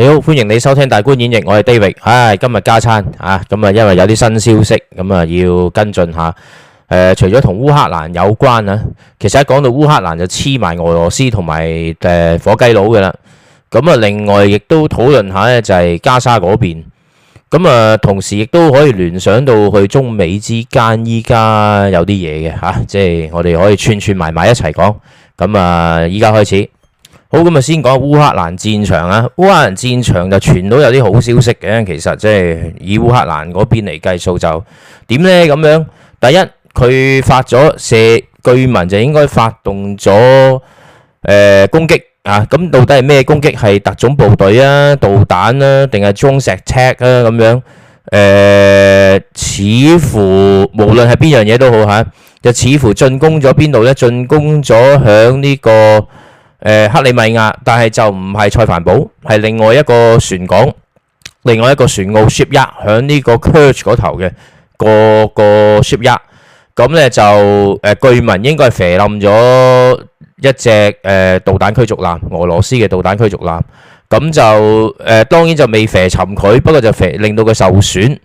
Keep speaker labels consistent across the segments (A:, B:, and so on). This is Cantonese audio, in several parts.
A: 你好，歡迎你收聽大觀演繹，我係 David，唉，今日加餐啊，咁啊，因為有啲新消息，咁啊要跟進下。誒，除咗同烏克蘭有關啊，其實一講到烏克蘭就黐埋俄羅斯同埋誒火雞佬噶啦，咁啊，另外亦都討論下咧，就係加沙嗰邊，咁啊，同時亦都可以聯想到去中美之間依家有啲嘢嘅吓，即係我哋可以串串埋埋一齊講，咁啊，依家開始。好咁啊，先講烏克蘭戰場啊。烏克蘭戰場就傳到有啲好消息嘅，其實即、就、係、是、以烏克蘭嗰邊嚟計數就點呢？咁樣。第一，佢發咗射據聞，就應該發動咗誒、呃、攻擊啊。咁到底係咩攻擊？係特種部隊啊、導彈啊、定係中石車啊咁樣？誒、呃，似乎無論係邊樣嘢都好吓、啊，就似乎進攻咗邊度呢？進攻咗響呢個。誒，克里米亞，但係就唔係塞凡堡，係另外一個船港，另外一個船澳 ship 一響呢個 Kerch 嗰頭嘅個個 ship 一，咁呢就誒據聞應該係射冧咗一隻誒導彈驅逐艦，俄羅斯嘅導彈驅逐艦，咁就誒當然就未射沉佢，不過就射令到佢受損，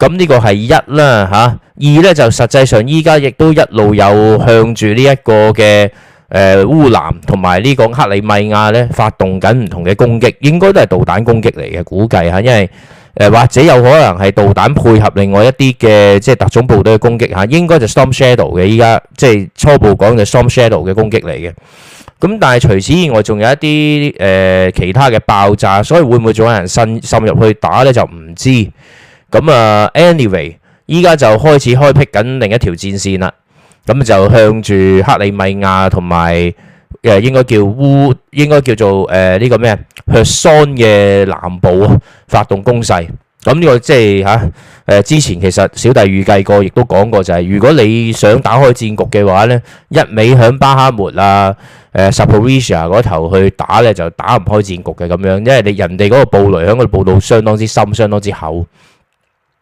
A: 咁呢個係一啦吓，二呢就實際上依家亦都一路有向住呢一個嘅。誒烏蘭同埋呢個克里米亞咧發動緊唔同嘅攻擊，應該都係導彈攻擊嚟嘅估計嚇，因為誒或者有可能係導彈配合另外一啲嘅即係特種部隊嘅攻擊嚇，應該就 Storm Shadow 嘅依家即係初步講就 Storm Shadow 嘅攻擊嚟嘅。咁但係除此以外，仲有一啲誒其他嘅爆炸，所以會唔會仲有人滲滲入去打咧就唔知。咁啊，anyway，依家就開始開闢緊另一條戰線啦。咁就向住克里米亞同埋誒應該叫烏應該叫做誒呢、呃這個咩啊，赫桑嘅南部啊發動攻勢。咁、嗯、呢、這個即係嚇誒之前其實小弟預計過，亦都講過就係、是、如果你想打開戰局嘅話咧，一味響巴哈末啊 s u 誒 Zaporizhzhia 嗰頭去打咧，就打唔開戰局嘅咁樣，因為你人哋嗰個布雷喺個步道相當之深，相當之厚。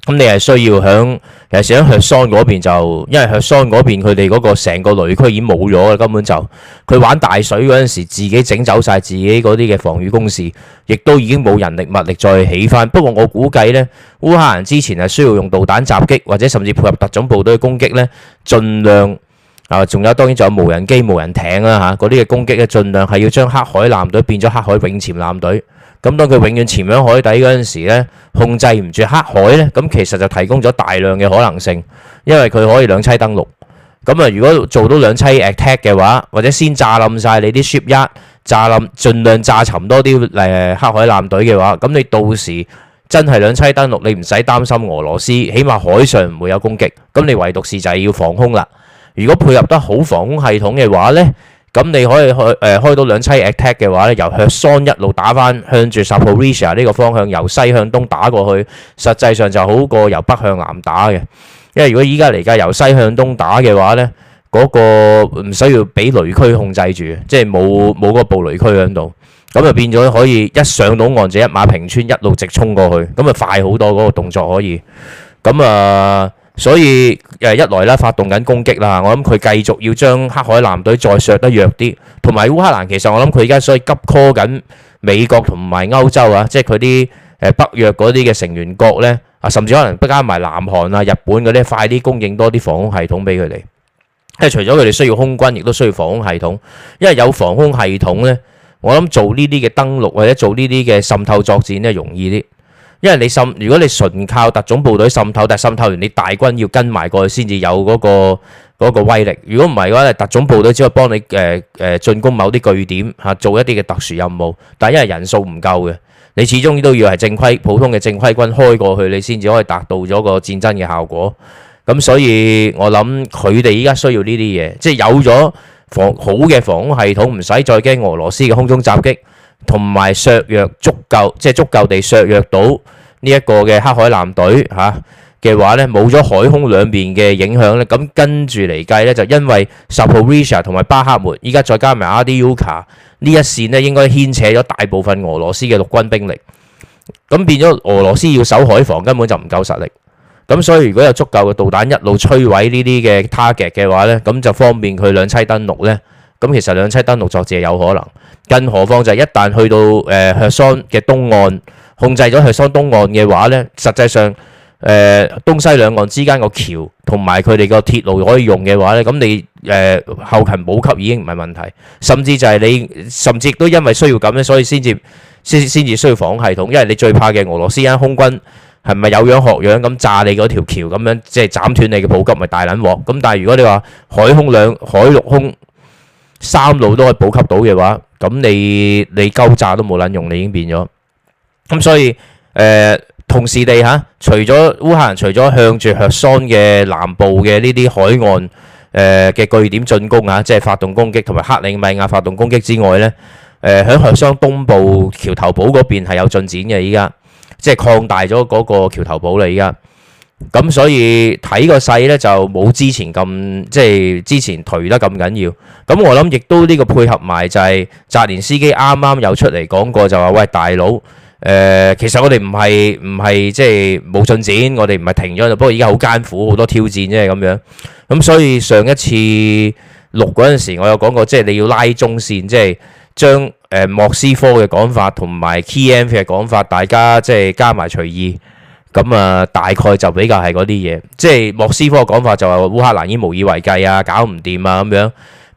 A: 咁你係需要響，尤其是響赫桑嗰邊就，因為赫桑嗰邊佢哋嗰個成個雷區已經冇咗喇，根本就佢玩大水嗰陣時，自己整走晒自己嗰啲嘅防禦工事，亦都已經冇人力物力再起返。不過我估計呢，烏克蘭之前係需要用導彈襲擊，或者甚至配合特種部隊嘅攻擊呢，儘量啊，仲有當然仲有無人機、無人艇啦嚇，嗰啲嘅攻擊呢，儘量係要將黑海艦隊變咗黑海永潛艦隊。咁當佢永遠潛喺海底嗰陣時咧，控制唔住黑海咧，咁其實就提供咗大量嘅可能性，因為佢可以兩棲登陸。咁啊，如果做到兩棲誒 attack 嘅話，或者先炸冧曬你啲 ship 一炸冧，儘量炸沉多啲誒黑海艦隊嘅話，咁你到時真係兩棲登陸，你唔使擔心俄羅斯，起碼海上唔會有攻擊。咁你唯獨是就係要防空啦。如果配合得好防空系統嘅話咧，咁你可以去誒、呃、開到兩棲 attack 嘅話咧，由赫桑一路打翻向住塞浦路西亞呢個方向，由西向東打過去，實際上就好過由北向南打嘅。因為如果依家嚟噶由西向東打嘅話咧，嗰、那個唔需要俾雷區控制住，即係冇冇個暴雷區喺度，咁就變咗可以一上到岸就一馬平川，一路直衝過去，咁啊快好多嗰個動作可以，咁啊。呃所以誒一來啦，發動緊攻擊啦，我諗佢繼續要將黑海艦隊再削得弱啲，同埋烏克蘭其實我諗佢而家所以急 call 緊美國同埋歐洲啊，即係佢啲誒北約嗰啲嘅成員國咧啊，甚至可能不加埋南韓啊、日本嗰啲，快啲供應多啲防空系統俾佢哋。因為除咗佢哋需要空軍，亦都需要防空系統，因為有防空系統咧，我諗做呢啲嘅登陸或者做呢啲嘅滲透作戰咧，容易啲。因為你滲，如果你純靠特種部隊滲透，但係滲透完，你大軍要跟埋過去先至有嗰個嗰個威力。如果唔係嘅話，特種部隊只可以幫你誒誒、呃呃、進攻某啲據點嚇，做一啲嘅特殊任務。但係因為人數唔夠嘅，你始終都要係正規普通嘅正規軍開過去，你先至可以達到咗個戰爭嘅效果。咁所以，我諗佢哋依家需要呢啲嘢，即係有咗防好嘅防空系統，唔使再驚俄羅斯嘅空中襲擊，同埋削弱足夠，即係足夠地削弱到。呢一個嘅黑海艦隊嚇嘅話呢，冇咗海空兩邊嘅影響咧，咁跟住嚟計呢，就因為 Zaporizhzhia 同埋巴克門，依家再加埋 Avdiivka 呢一線咧，應該牽扯咗大部分俄羅斯嘅陸軍兵力，咁變咗俄羅斯要守海防根本就唔夠實力，咁所以如果有足夠嘅導彈一路摧毀呢啲嘅 target 嘅話呢，咁就方便佢兩棲登陸呢。咁其實兩棲登陸作戰係有可能，更何況就係一旦去到誒 Kherson 嘅東岸。控制咗黑沙東岸嘅話咧，實際上誒東西兩岸之間個橋同埋佢哋個鐵路可以用嘅話咧，咁你誒後勤補給已經唔係問題，甚至就係你甚至亦都因為需要咁咧，所以先至先先至需要防空系統，因為你最怕嘅俄羅斯人空軍係咪有樣學樣咁炸你嗰條橋咁樣，即係斬斷你嘅補給咪大撚鑊？咁但係如果你話海空兩，海陸空三路都可以補給到嘅話，咁你你鳩炸都冇撚用，你已經變咗。咁所以，誒同時地嚇，除咗烏克蘭，除咗向住赫桑嘅南部嘅呢啲海岸，誒嘅據點進攻啊，即係發動攻擊，同埋克里米亞發動攻擊之外咧，誒喺赫桑東部橋頭堡嗰邊係有進展嘅，依家即係擴大咗嗰個橋頭堡啦。依家咁所以睇個勢咧，就冇之前咁，即係之前頹得咁緊要。咁我諗亦都呢個配合埋就係澤連斯基啱啱有出嚟講過，就話喂大佬。誒，其實我哋唔係唔係即係冇進展，我哋唔係停咗，不過而家好艱苦，好多挑戰啫咁樣。咁所以上一次錄嗰陣時，我有講過，即係你要拉中線，即係將誒莫斯科嘅講法同埋 K M P 嘅講法，大家即係加埋隨意，咁啊大概就比較係嗰啲嘢。即係莫斯科嘅講法就係烏克蘭已經無以為繼啊，搞唔掂啊咁樣。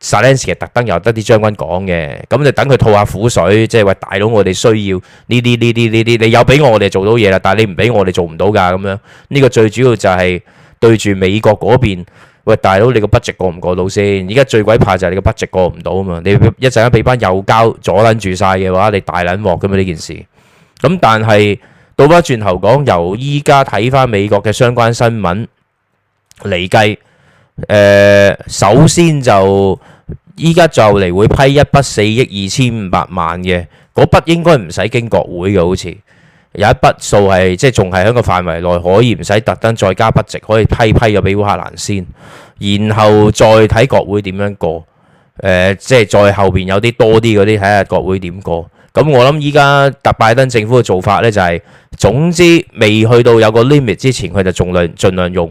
A: Siles 嘅特登由得啲將軍講嘅，咁就等佢吐下苦水，即係話大佬我哋需要呢啲呢啲呢啲，你有俾我我哋做到嘢啦，但係你唔俾我哋做唔到噶咁樣。呢個最主要就係對住美國嗰邊，喂大佬你個 budget 過唔過到先？而家最鬼怕就係你個 budget 過唔到啊嘛！你一陣間俾班右膠阻撚住曬嘅話，你大撚鑊噶嘛呢件事。咁但係倒翻轉頭講，由依家睇翻美國嘅相關新聞嚟計。誒、呃，首先就依家就嚟會批一筆四億二千五百萬嘅，嗰筆應該唔使經國會嘅，好似有一筆數係即係仲係喺個範圍內，可以唔使特登再加筆值，可以批批咗俾烏克蘭先，然後再睇國會點樣過。誒、呃，即係再後邊有啲多啲嗰啲，睇下國會點過。咁我諗依家特拜登政府嘅做法呢，就是，就係總之未去到有個 limit 之前，佢就盡量盡量用。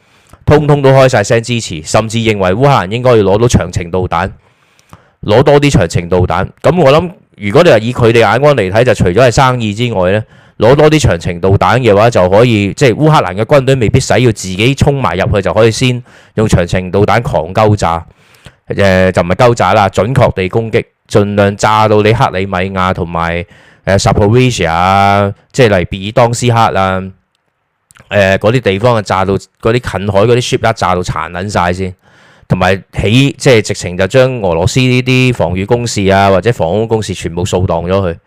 A: 通通都開晒聲支持，甚至認為烏克蘭應該要攞到長程導彈，攞多啲長程導彈。咁我諗，如果你話以佢哋眼光嚟睇，就除咗係生意之外咧，攞多啲長程導彈嘅話就可以，即係烏克蘭嘅軍隊未必使要，要自己衝埋入去就可以先用長程導彈狂鳩炸，誒、呃、就唔係鳩炸啦，準確地攻擊，盡量炸到你克里米亞同埋誒 Zaporizhzhia 啊，即係嚟別爾東斯克啦。誒嗰啲地方啊，炸到嗰啲近海嗰啲 ship 炸到殘忍晒先，同埋起即係直情就將俄羅斯呢啲防禦工事啊，或者防空工事全部掃蕩咗佢，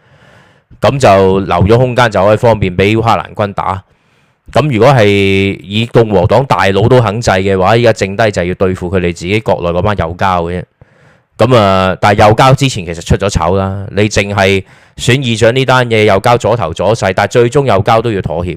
A: 咁就留咗空間就可以方便俾烏克蘭軍打。咁如果係以共和黨大佬都肯制嘅話，依家剩低就係要對付佢哋自己國內嗰班右膠嘅啫。咁啊，但係右膠之前其實出咗醜啦，你淨係選議長呢單嘢右膠左頭左勢，但係最終右膠都要妥協。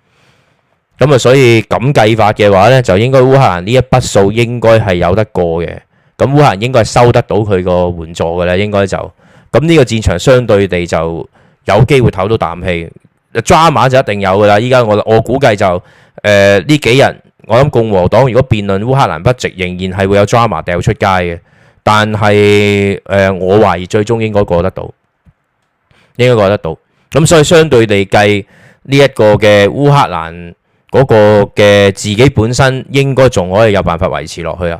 A: 咁啊，所以咁計法嘅話呢，就應該烏克蘭呢一筆數應該係有得過嘅。咁烏克蘭應該係收得到佢個援助嘅喇，應該就咁呢個戰場相對地就有機會唞到啖氣。drama 就一定有噶啦。依家我我估計就誒呢幾日，我諗共和黨如果辯論烏克蘭 budget，仍然係會有 drama 掉出街嘅。但係誒，我懷疑最終應該過得到，應該過得到。咁所以相對地計呢一個嘅烏克蘭。嗰個嘅自己本身應該仲可以有辦法維持落去啊。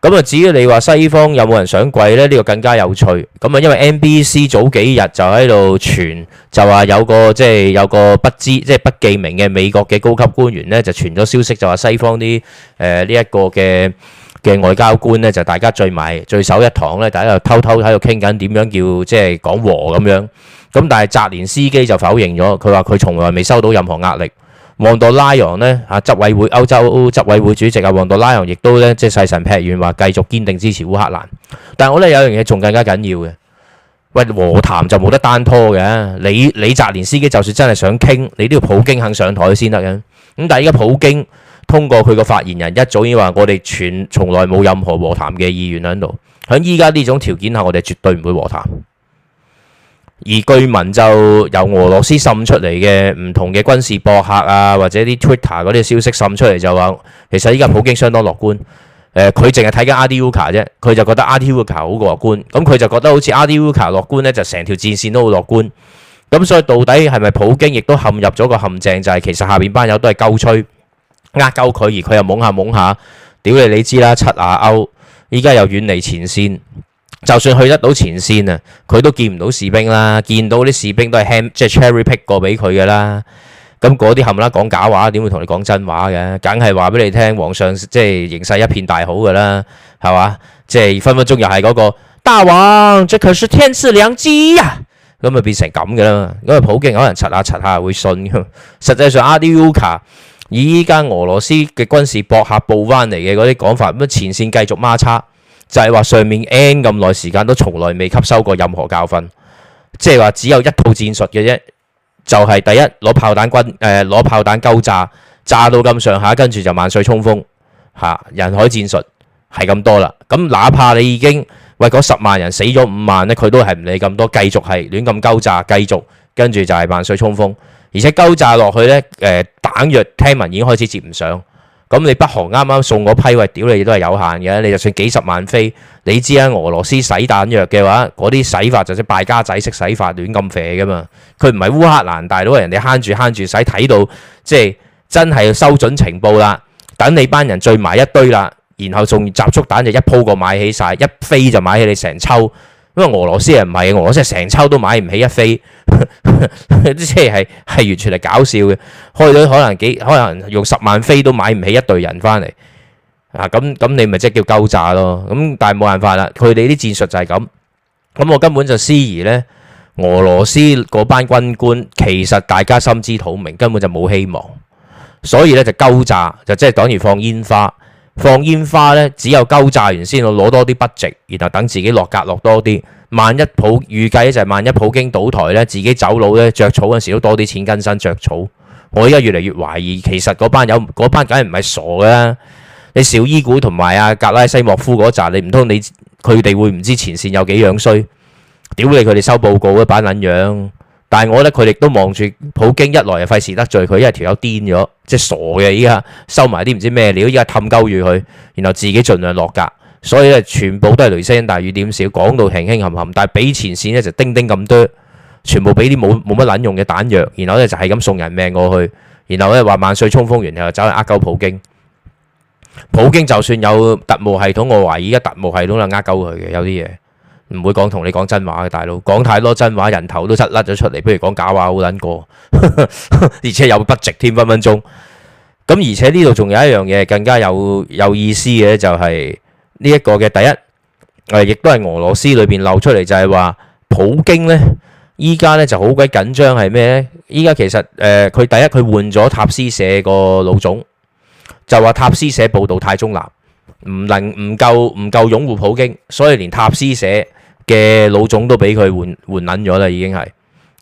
A: 咁啊，至於你話西方有冇人想跪呢？呢、呢個更加有趣。咁啊，因為 NBC 早幾日就喺度傳，就話有個即係、就是、有個不知即係、就是、不記名嘅美國嘅高級官員呢，就傳咗消息，就話西方啲誒呢一個嘅嘅外交官呢，就大家聚埋聚首一堂呢，大家就偷偷喺度傾緊點樣叫即係、就是、講和咁樣。咁但係澤連斯基就否認咗，佢話佢從來未收到任何壓力。旺道拉昂呢？嚇，執委會歐洲執委會主席啊，黃道拉昂亦都呢，即係細神劈完話，繼續堅定支持烏克蘭。但係我呢有樣嘢仲更加緊要嘅，喂和談就冇得單拖嘅。李李澤連司機就算真係想傾，你都要普京肯上台先得嘅。咁但係依家普京通過佢個發言人一早已經話，我哋全從來冇任何和談嘅意願喺度。喺依家呢種條件下，我哋絕對唔會和談。而據聞就由俄羅斯滲出嚟嘅唔同嘅軍事博客啊，或者啲 Twitter 嗰啲消息滲出嚟就話，其實依家普京相當樂觀。誒，佢淨係睇緊 Avdiivka 啫，佢就覺得 Avdiivka 好過樂觀。咁佢就覺得好似 Avdiivka 樂觀呢，就成條戰線都好樂觀。咁所以到底係咪普京亦都陷入咗個陷阱？就係、是、其實下邊班友都係鳩吹呃鳩佢，而佢又懵下懵下，屌你你知啦，七啊歐依家又遠離前線。就算去得到前線啊，佢都見唔到士兵啦，見到啲士兵都係 hand 即係 cherry pick 過俾佢嘅啦。咁嗰啲冚啦講假話，點會同你講真話嘅？梗係話俾你聽，皇上即係、就是、形勢一片大好嘅啦，係嘛？即係分分鐘又係嗰、那個大王，即係天賜良機啊！咁啊變成咁嘅啦。因為普京可能擦下擦下會信。實際上阿迪烏卡以依家俄羅斯嘅軍事博客報翻嚟嘅嗰啲講法，咁前線繼續孖叉。就係話上面 N 咁耐時間都從來未吸收過任何教訓，即係話只有一套戰術嘅啫，就係、是、第一攞炮彈 g 誒攞炮彈轟炸，炸到咁上下，跟住就萬歲衝鋒，吓人海戰術係咁多啦。咁哪怕你已經為嗰十萬人死咗五萬呢，佢都係唔理咁多，繼續係亂咁轟炸，繼續跟住就係萬歲衝鋒，而且轟炸落去呢，誒、呃、彈藥聽聞已經開始接唔上。咁你北韓啱啱送嗰批餵屌你都係有限嘅，你就算幾十萬飛，你知吖，俄羅斯使彈藥嘅話，嗰啲使法就係敗家仔式使法，亂咁飛噶嘛，佢唔係烏克蘭大佬，人哋慳住慳住使睇到，即係真係要收準情報啦，等你班人聚埋一堆啦，然後仲集束彈就一鋪過買起曬，一飛就買起你成抽。因為俄羅斯人唔係，俄羅斯成秋都買唔起一飛， 即係係完全係搞笑嘅，開咗可能幾，可能用十萬飛都買唔起一隊人翻嚟啊！咁咁你咪即係叫鳩炸咯。咁但係冇辦法啦，佢哋啲戰術就係咁。咁我根本就思疑呢，俄羅斯嗰班軍官其實大家心知肚明，根本就冇希望，所以呢，就鳩炸，就即係等於放煙花。放煙花呢，只有鳩炸完先攞多啲筆值，然後等自己落格落多啲。萬一普預計就係萬一普京倒台呢，自己走佬呢，着草嗰陣時都多啲錢跟身着草。我而家越嚟越懷疑，其實嗰班友班梗係唔係傻嘅。你紹伊古同埋阿格拉西莫夫嗰陣，你唔通你佢哋會唔知前線有幾樣衰？屌你佢哋收報告嘅板撚樣！但係我覺得佢哋都望住普京一來就費事得罪佢，因為條友癲咗，即係傻嘅，依家收埋啲唔知咩料，依家氹鳩住佢，然後自己儘量落格，所以咧全部都係雷聲大雨點少，講到輕輕冚冚，但係俾前線咧就叮叮咁多，全部俾啲冇冇乜卵用嘅彈藥，然後咧就係咁送人命過去，然後咧話萬歲衝鋒完，然後走去呃鳩普京，普京就算有特務系統，我懷疑依家特務系統啦呃鳩佢嘅有啲嘢。唔會講同你講真話嘅，大佬，講太多真話，人頭都甩甩咗出嚟。不如講假話好捻過，而且又不值添分分鐘。咁而且呢度仲有一樣嘢更加有有意思嘅，就係呢一個嘅第一誒，亦都係俄羅斯裏邊漏出嚟就係話普京呢，依家呢就好鬼緊張係咩呢？依家其實誒，佢第一佢換咗塔斯社個老總，就話塔斯社報道太中立，唔能唔夠唔夠擁護普京，所以連塔斯社。嘅老總都俾佢換換撚咗啦，已經係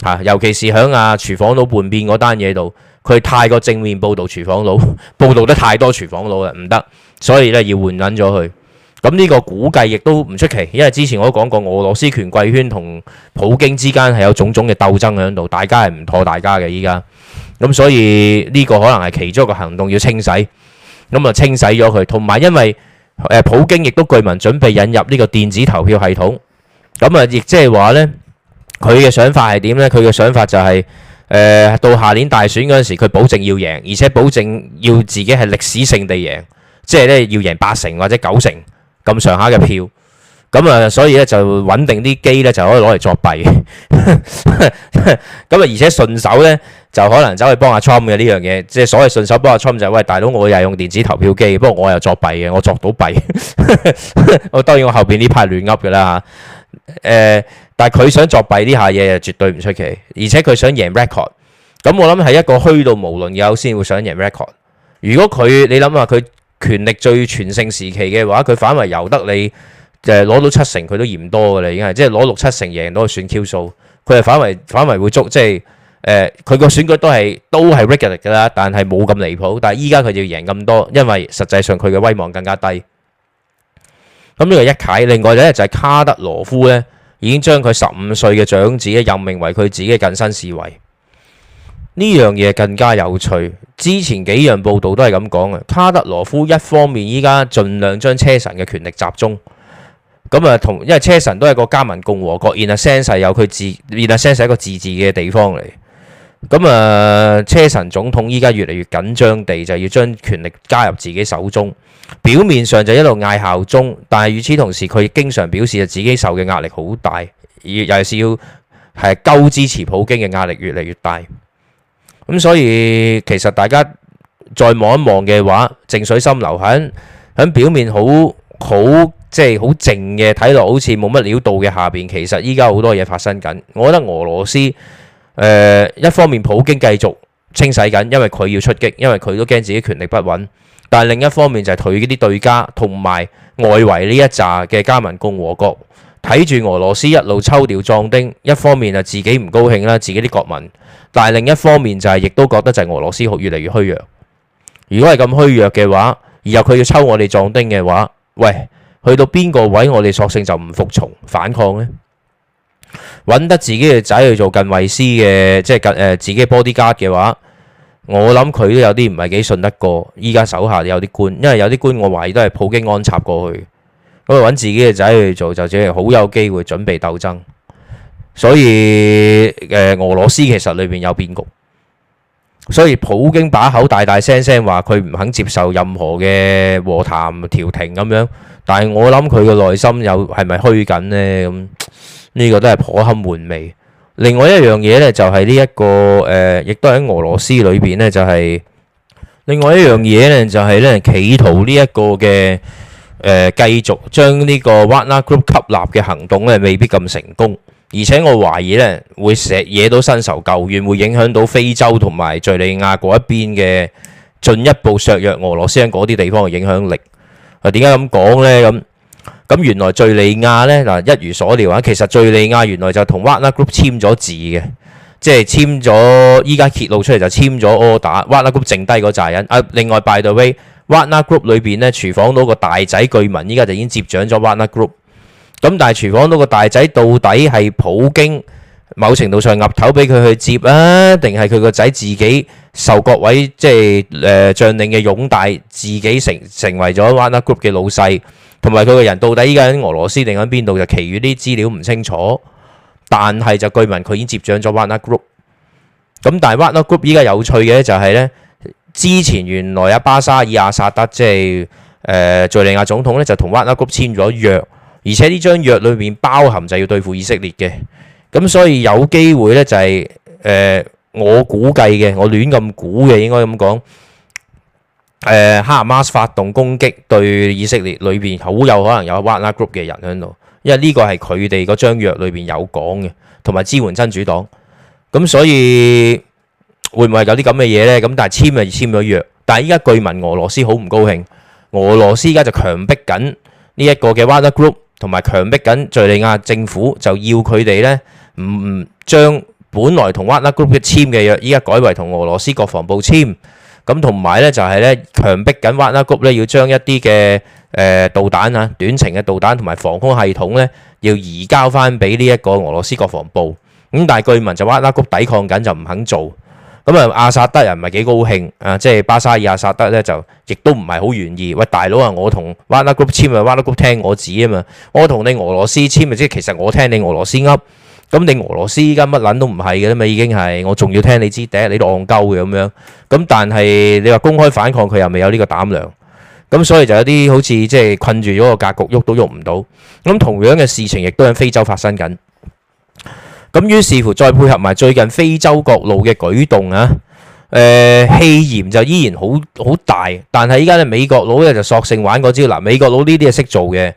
A: 嚇，尤其是喺啊廚房佬叛變嗰單嘢度，佢太過正面報導廚房佬，報導得太多廚房佬啦，唔得，所以咧要換撚咗佢。咁呢個估計亦都唔出奇，因為之前我都講過，俄羅斯權貴圈同普京之間係有種種嘅鬥爭喺度，大家係唔妥大家嘅依家，咁所以呢個可能係其中一個行動要清洗，咁啊清洗咗佢，同埋因為誒普京亦都據聞準備引入呢個電子投票系統。咁啊，亦即係話咧，佢嘅想法係點咧？佢嘅想法就係、是、誒、呃、到下年大選嗰陣時，佢保證要贏，而且保證要自己係歷史性地贏，即係咧要贏八成或者九成咁上下嘅票。咁、嗯、啊，所以咧就穩定啲機咧，就可以攞嚟作弊。咁啊，而且順手咧就可能走去幫阿 Trump 嘅呢樣嘢，即係所謂順手幫阿 Trump 就係、喂大佬，我又係用電子投票機，不過我又作弊嘅，我作到弊。我 當然我後邊呢排亂噏嘅啦。誒、呃，但係佢想作弊呢下嘢，絕對唔出奇。而且佢想贏 record，咁我諗係一個虛到無論有先會想贏 record。如果佢你諗下佢權力最全盛時期嘅話，佢反為由得你攞、呃、到七成，佢都嫌多嘅啦，已經係即係攞六七成贏都算 Q 數，佢係反為反為會捉，即係佢個選舉都係都係 record 嘅啦，但係冇咁離譜。但係依家佢要贏咁多，因為實際上佢嘅威望更加低。咁呢個一啟，另外咧就係卡德羅夫呢已經將佢十五歲嘅長子任命為佢自己嘅近身侍衛。呢樣嘢更加有趣。之前幾樣報道都係咁講嘅。卡德羅夫一方面依家盡量將車臣嘅權力集中，咁啊同因為車臣都係個加盟共和國，然後聲勢有佢自，然後聲勢係一個自治嘅地方嚟。咁啊，車臣總統依家越嚟越緊張地，就要將權力加入自己手中。表面上就一路嗌效忠，但係與此同時，佢經常表示自己受嘅壓力好大，尤其是要係夠支持普京嘅壓力越嚟越大。咁所以其實大家再望一望嘅話，靜水深流，響響表面、就是、好好即係好靜嘅睇落，好似冇乜料到嘅下邊，其實依家好多嘢發生緊。我覺得俄羅斯。誒、呃、一方面普京繼續清洗緊，因為佢要出擊，因為佢都驚自己權力不穩。但係另一方面就係佢啲對家同埋外圍呢一紮嘅加盟共和國，睇住俄羅斯一路抽調壯丁，一方面就自己唔高興啦，自己啲國民。但係另一方面就係、是、亦都覺得就係俄羅斯越嚟越虛弱。如果係咁虛弱嘅話，然後佢要抽我哋壯丁嘅話，喂，去到邊個位我哋索性就唔服從反抗呢？揾得自己嘅仔去做近衛師嘅，即係近誒、呃，自己 bodyguard 嘅話，我諗佢都有啲唔係幾信得過。依家手下有啲官，因為有啲官我懷疑都係普京安插過去，咁揾自己嘅仔去做，就只係好有機會準備鬥爭。所以誒、呃，俄羅斯其實裏面有變局，所以普京把口大大聲聲話佢唔肯接受任何嘅和談調停咁樣，但係我諗佢嘅內心有係咪虛緊呢？咁？呢個都係頗堪玩味。另外一樣嘢咧，就係呢一個誒，亦都喺俄羅斯裏邊咧，就係另外一樣嘢咧，就係咧，企圖呢一個嘅誒，繼續將呢個 Wagner Group 吸納嘅行動咧，未必咁成功。而且我懷疑咧，會成日惹到新仇舊怨，會影響到非洲同埋敍利亞嗰一邊嘅進一步削弱俄羅斯喺嗰啲地方嘅影響力。啊，點解咁講咧？咁咁原來敍利亞咧，嗱，一如所料啊。其實敍利亞原來就同 Wagner Group 簽咗字嘅，即係簽咗依家揭露出嚟就簽咗 order。Wagner Group 剩低個紮人啊。另外，by the way，Wagner Group 裏邊咧，廚房嗰個大仔據聞依家就已經接掌咗 Wagner Group。咁但係廚房嗰個大仔到底係普京某程度上壓頭俾佢去接啊，定係佢個仔自己受各位即係誒將領嘅擁戴，自己成成為咗 Wagner Group 嘅老細？同埋佢個人到底依家喺俄羅斯定喺邊度？就其餘啲資料唔清楚，但係就據聞佢已經接掌咗 Wagner Group。咁但係 Wagner Group 依家有趣嘅就係、是、咧，之前原來阿巴沙爾阿薩德即係誒敍利亞總統咧，就同 Wagner Group 簽咗約，而且呢張約裏面包含就要對付以色列嘅。咁所以有機會咧就係、是、誒、呃，我估計嘅，我亂咁估嘅，應該咁講。誒、呃、哈馬斯發動攻擊，對以色列裏邊，好有可能有 Wagner group 嘅人喺度，因為呢個係佢哋嗰張約裏邊有講嘅，同埋支援真主黨。咁所以會唔會有啲咁嘅嘢呢？咁但係簽就簽咗約，但係依家據聞俄羅斯好唔高興，俄羅斯依家就強逼緊呢一個嘅 Wagner group，同埋強逼緊敍利亞政府，就要佢哋呢唔唔將本來同 Wagner group 嘅簽嘅約，依家改為同俄羅斯國防部簽。咁同埋咧就係咧強逼緊 Wagner Group 咧要將一啲嘅誒導彈啊、短程嘅導彈同埋防空系統咧要移交翻俾呢一個俄羅斯國防部。咁但係據聞就 Wagner Group 抵抗緊就唔肯做。咁啊阿薩德人唔係幾高興啊，即係巴沙爾阿薩德咧就亦都唔係好願意。喂大佬啊，我同 Wagner Group 簽啊，Wagner Group 聽我指啊嘛，我同你俄羅斯簽咪即係其實我聽你俄羅斯噏。咁你俄羅斯依家乜撚都唔係嘅啦嘛，已經係我仲要聽你知，第一你都戇鳩嘅咁樣。咁但係你話公開反抗佢又未有呢個膽量。咁所以就有啲好似即係困住咗個格局，喐都喐唔到。咁同樣嘅事情亦都喺非洲發生緊。咁於是乎再配合埋最近非洲各路嘅舉動啊，誒、呃、氣焰就依然好好大。但係依家咧美國佬咧就索性玩嗰招嗱，美國佬呢啲係識做嘅。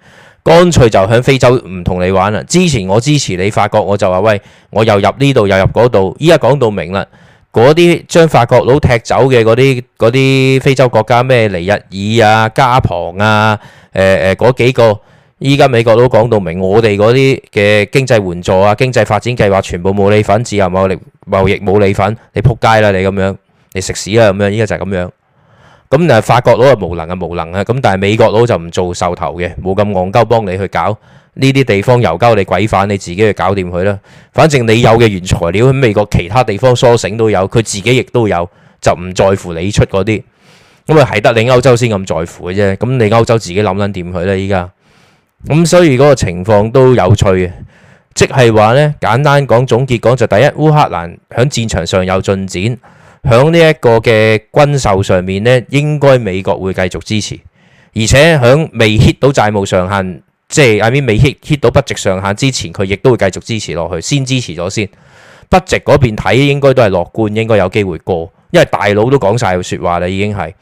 A: 乾脆就喺非洲唔同你玩啦！之前我支持你法國，我就話喂，我又入呢度，又入嗰度。依家講到明啦，嗰啲將法國佬踢走嘅嗰啲啲非洲國家咩尼日爾啊、加蓬啊、誒誒嗰幾個，依家美國佬講到明，我哋嗰啲嘅經濟援助啊、經濟發展計劃全部冇你份，自由貿易貿易冇你份，你仆街啦！你咁樣，你食屎啦！咁樣依家就係咁樣。咁啊，法國佬係無能啊，無能啊！咁但係美國佬就唔做受頭嘅，冇咁戇鳩幫你去搞呢啲地方油膠，你鬼反你自己去搞掂佢啦。反正你有嘅原材料，喺美國其他地方縮成都有，佢自己亦都有，就唔在乎你出嗰啲。咁啊，係得你歐洲先咁在乎嘅啫。咁你歐洲自己諗撚掂佢啦。依家咁，所以嗰個情況都有趣嘅，即係話呢，簡單講總結講就第一，烏克蘭喺戰場上有進展。喺呢一個嘅軍售上面呢，應該美國會繼續支持，而且喺未 hit 到債務上限，即係 I mean 未 hit hit 到不極上限之前，佢亦都會繼續支持落去，先支持咗先。不極嗰邊睇應該都係樂觀，應該有機會過，因為大佬都講晒嘅説話啦，已經係。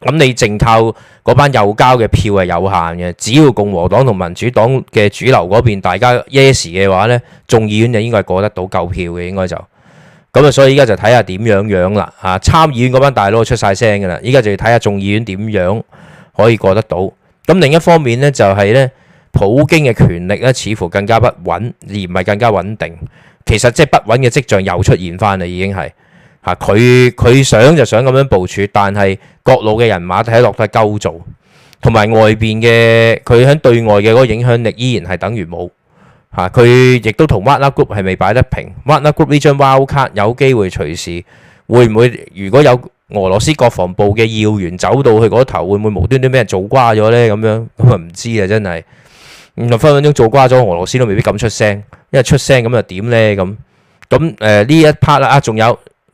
A: 咁你淨靠嗰班右交嘅票係有限嘅，只要共和黨同民主黨嘅主流嗰邊大家 yes 嘅話呢，眾議院就應該係過得到夠票嘅，應該就。咁啊，所以依家就睇下點樣樣啦，啊，參議院嗰班大佬出晒聲㗎啦，依家就要睇下眾議院點樣可以過得到。咁另一方面呢，就係呢，普京嘅權力呢，似乎更加不穩，而唔係更加穩定。其實即係不穩嘅跡象又出現翻啦，已經係嚇佢佢想就想咁樣部署，但係各路嘅人馬睇落都係鳩造，同埋外邊嘅佢喺對外嘅嗰個影響力依然係等於冇。嚇佢亦都同 Wagner Group 係未擺得平。Wagner Group 呢張 wild card 卡有機會隨時會唔會？如果有俄羅斯國防部嘅要員走到去嗰頭，會唔會無端端俾人做瓜咗呢？咁樣咁啊，唔知啊，真係咁分分鐘做瓜咗。俄羅斯都未必敢出聲，因為出聲咁啊點呢？咁咁，誒，呢一 part 啦，仲有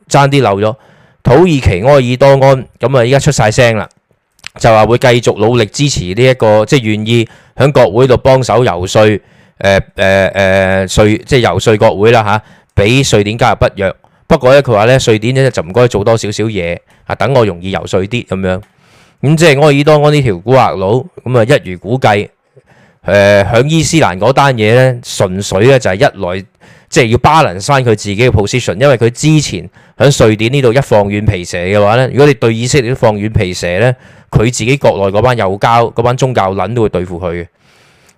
A: 爭啲漏咗土耳其埃爾多安咁啊，依家出晒聲啦，就話會繼續努力支持呢、這、一個即係願意喺國會度幫手游説。誒誒誒，瑞、呃呃、即係遊說國會啦嚇，俾瑞典加入北約。不過咧，佢話咧，瑞典咧就唔該做多少少嘢啊，等我容易遊說啲咁樣。咁、嗯、即係埃爾多安呢條古惑佬，咁啊一如估計，誒、呃、響伊斯蘭嗰單嘢咧，純粹咧就係一來即係要平衡佢自己嘅 position，因為佢之前響瑞典呢度一放軟皮蛇嘅話咧，如果你對以色列都放軟皮蛇咧，佢自己國內嗰班右膠，嗰班宗教撚都會對付佢嘅。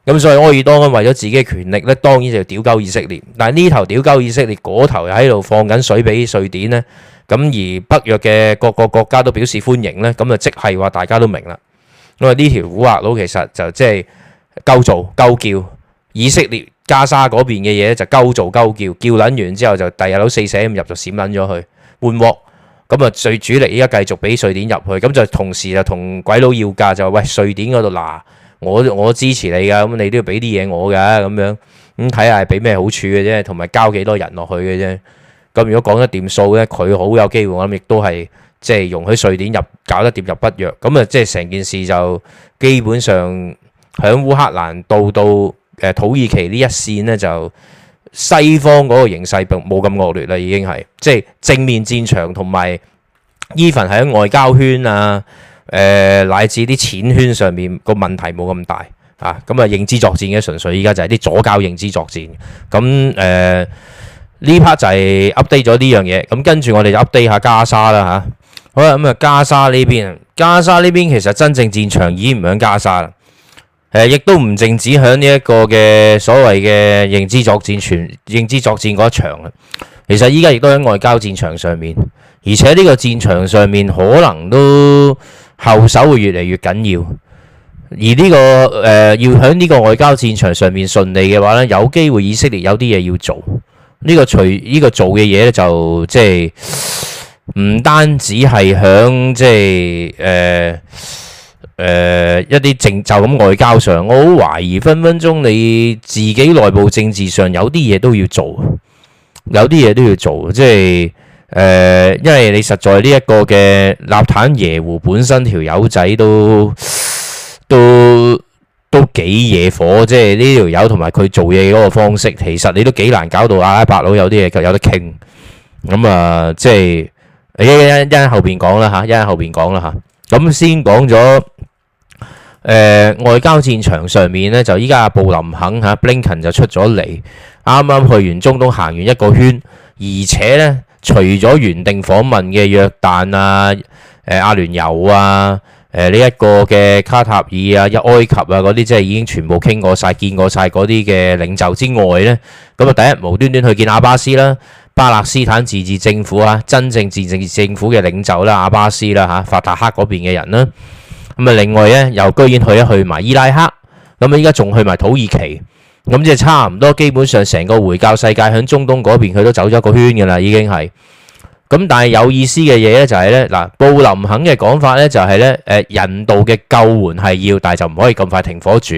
A: 咁所以埃爾多安為咗自己嘅權力咧，當然就屌鳩以色列。但係呢頭屌鳩以色列，嗰頭又喺度放緊水俾瑞典咧。咁而北約嘅各個國家都表示歡迎咧。咁啊，即係話大家都明啦。因為呢條古惑佬其實就即係鳩做鳩叫，以色列加沙嗰邊嘅嘢就鳩做鳩叫，叫撚完之後就第日佬四捨五入就閃撚咗去換鑊。咁啊，最主力依家繼續俾瑞典入去，咁就同時就同鬼佬要價就係喂瑞典嗰度嗱。我我支持你㗎，咁你都要俾啲嘢我嘅咁樣，咁睇下係俾咩好處嘅啫，同埋交幾多人落去嘅啫。咁如果講得掂數咧，佢好有機會，我諗亦都係即係容許瑞典入，搞得掂入北約。咁啊，即係成件事就基本上響烏克蘭到到誒土耳其呢一線呢，就西方嗰個形勢冇咁惡劣啦，已經係即係正面戰場同埋 even 喺外交圈啊。誒，乃至啲錢圈上面個問題冇咁大吓，咁啊認知作戰嘅純粹，依、嗯、家、嗯嗯、就係啲左膠認知作戰。咁誒呢 part 就係 update 咗呢樣嘢。咁跟住我哋就 update 下加沙啦吓。好、啊、啦，咁啊加沙呢邊，加沙呢邊其實真正戰場已經唔響加沙啦。誒、啊，亦都唔淨止響呢一個嘅所謂嘅認知作戰全認知作戰嗰一場啊。其實依家亦都喺外交戰場上面，而且呢個戰場上面可能都。後手會越嚟越緊要，而呢、這個誒、呃、要喺呢個外交戰場上面順利嘅話呢，有機會以色列有啲嘢要做。呢、這個除呢、這個做嘅嘢呢，就即係唔單止係響即係誒誒一啲政就咁外交上，我好懷疑分分鐘你自己內部政治上有啲嘢都要做，有啲嘢都要做，即係。誒、呃，因為你實在呢一個嘅納坦耶胡本身條友仔都都都幾惹火，即係呢條友同埋佢做嘢嗰個方式，其實你都幾難搞到阿拉伯佬有啲嘢有得傾。咁、嗯、啊，即係一一後邊講啦嚇，一後邊講啦嚇。咁先講咗誒外交戰場上面咧，就依家布林肯嚇、啊、Blinken 就出咗嚟，啱啱去完中東行完一個圈，而且咧。除咗原定訪問嘅約旦啊、誒阿聯酋啊、誒呢一個嘅卡塔爾啊、一埃及啊嗰啲，即係已經全部傾過晒、見過晒嗰啲嘅領袖之外呢，咁啊第一無端端去見阿巴斯啦，巴勒斯坦自治政府啊，真正自治政府嘅領袖啦，阿巴斯啦嚇，法塔赫嗰邊嘅人啦，咁啊另外呢，又居然去一去埋伊拉克，咁啊依家仲去埋土耳其。咁即係差唔多，基本上成個回教世界喺中東嗰邊，佢都走咗個圈噶啦，已經係。咁但係有意思嘅嘢咧，就係咧嗱，布林肯嘅講法咧就係咧，誒人道嘅救援係要，但係就唔可以咁快停火住。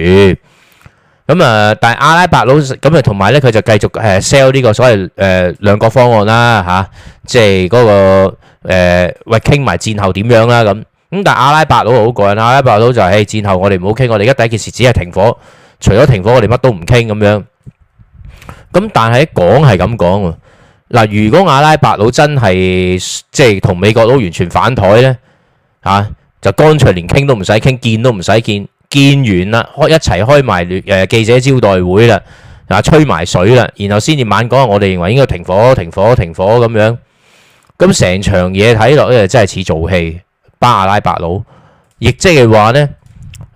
A: 咁啊，但係阿拉伯佬咁啊，同埋咧佢就繼續誒 sell 呢個所謂誒兩國方案啦吓，即係嗰個誒喂傾埋戰後點樣啦咁。咁但係阿拉伯佬好過癮，阿拉伯佬就係戰後我哋唔好傾，我哋而家第一件事只係停火。除咗停火，我哋乜都唔傾咁樣。咁但係講係咁講喎。嗱，如果阿拉伯佬真係即係同美國佬完全反台咧，嚇就乾脆連傾都唔使傾，見都唔使見，見完啦，開一齊開埋誒記者招待會啦，嗱，吹埋水啦，然後先至晚講，我哋認為應該停火、停火、停火咁樣。咁成場嘢睇落咧，真係似做戲。巴阿拉伯佬亦即係話咧。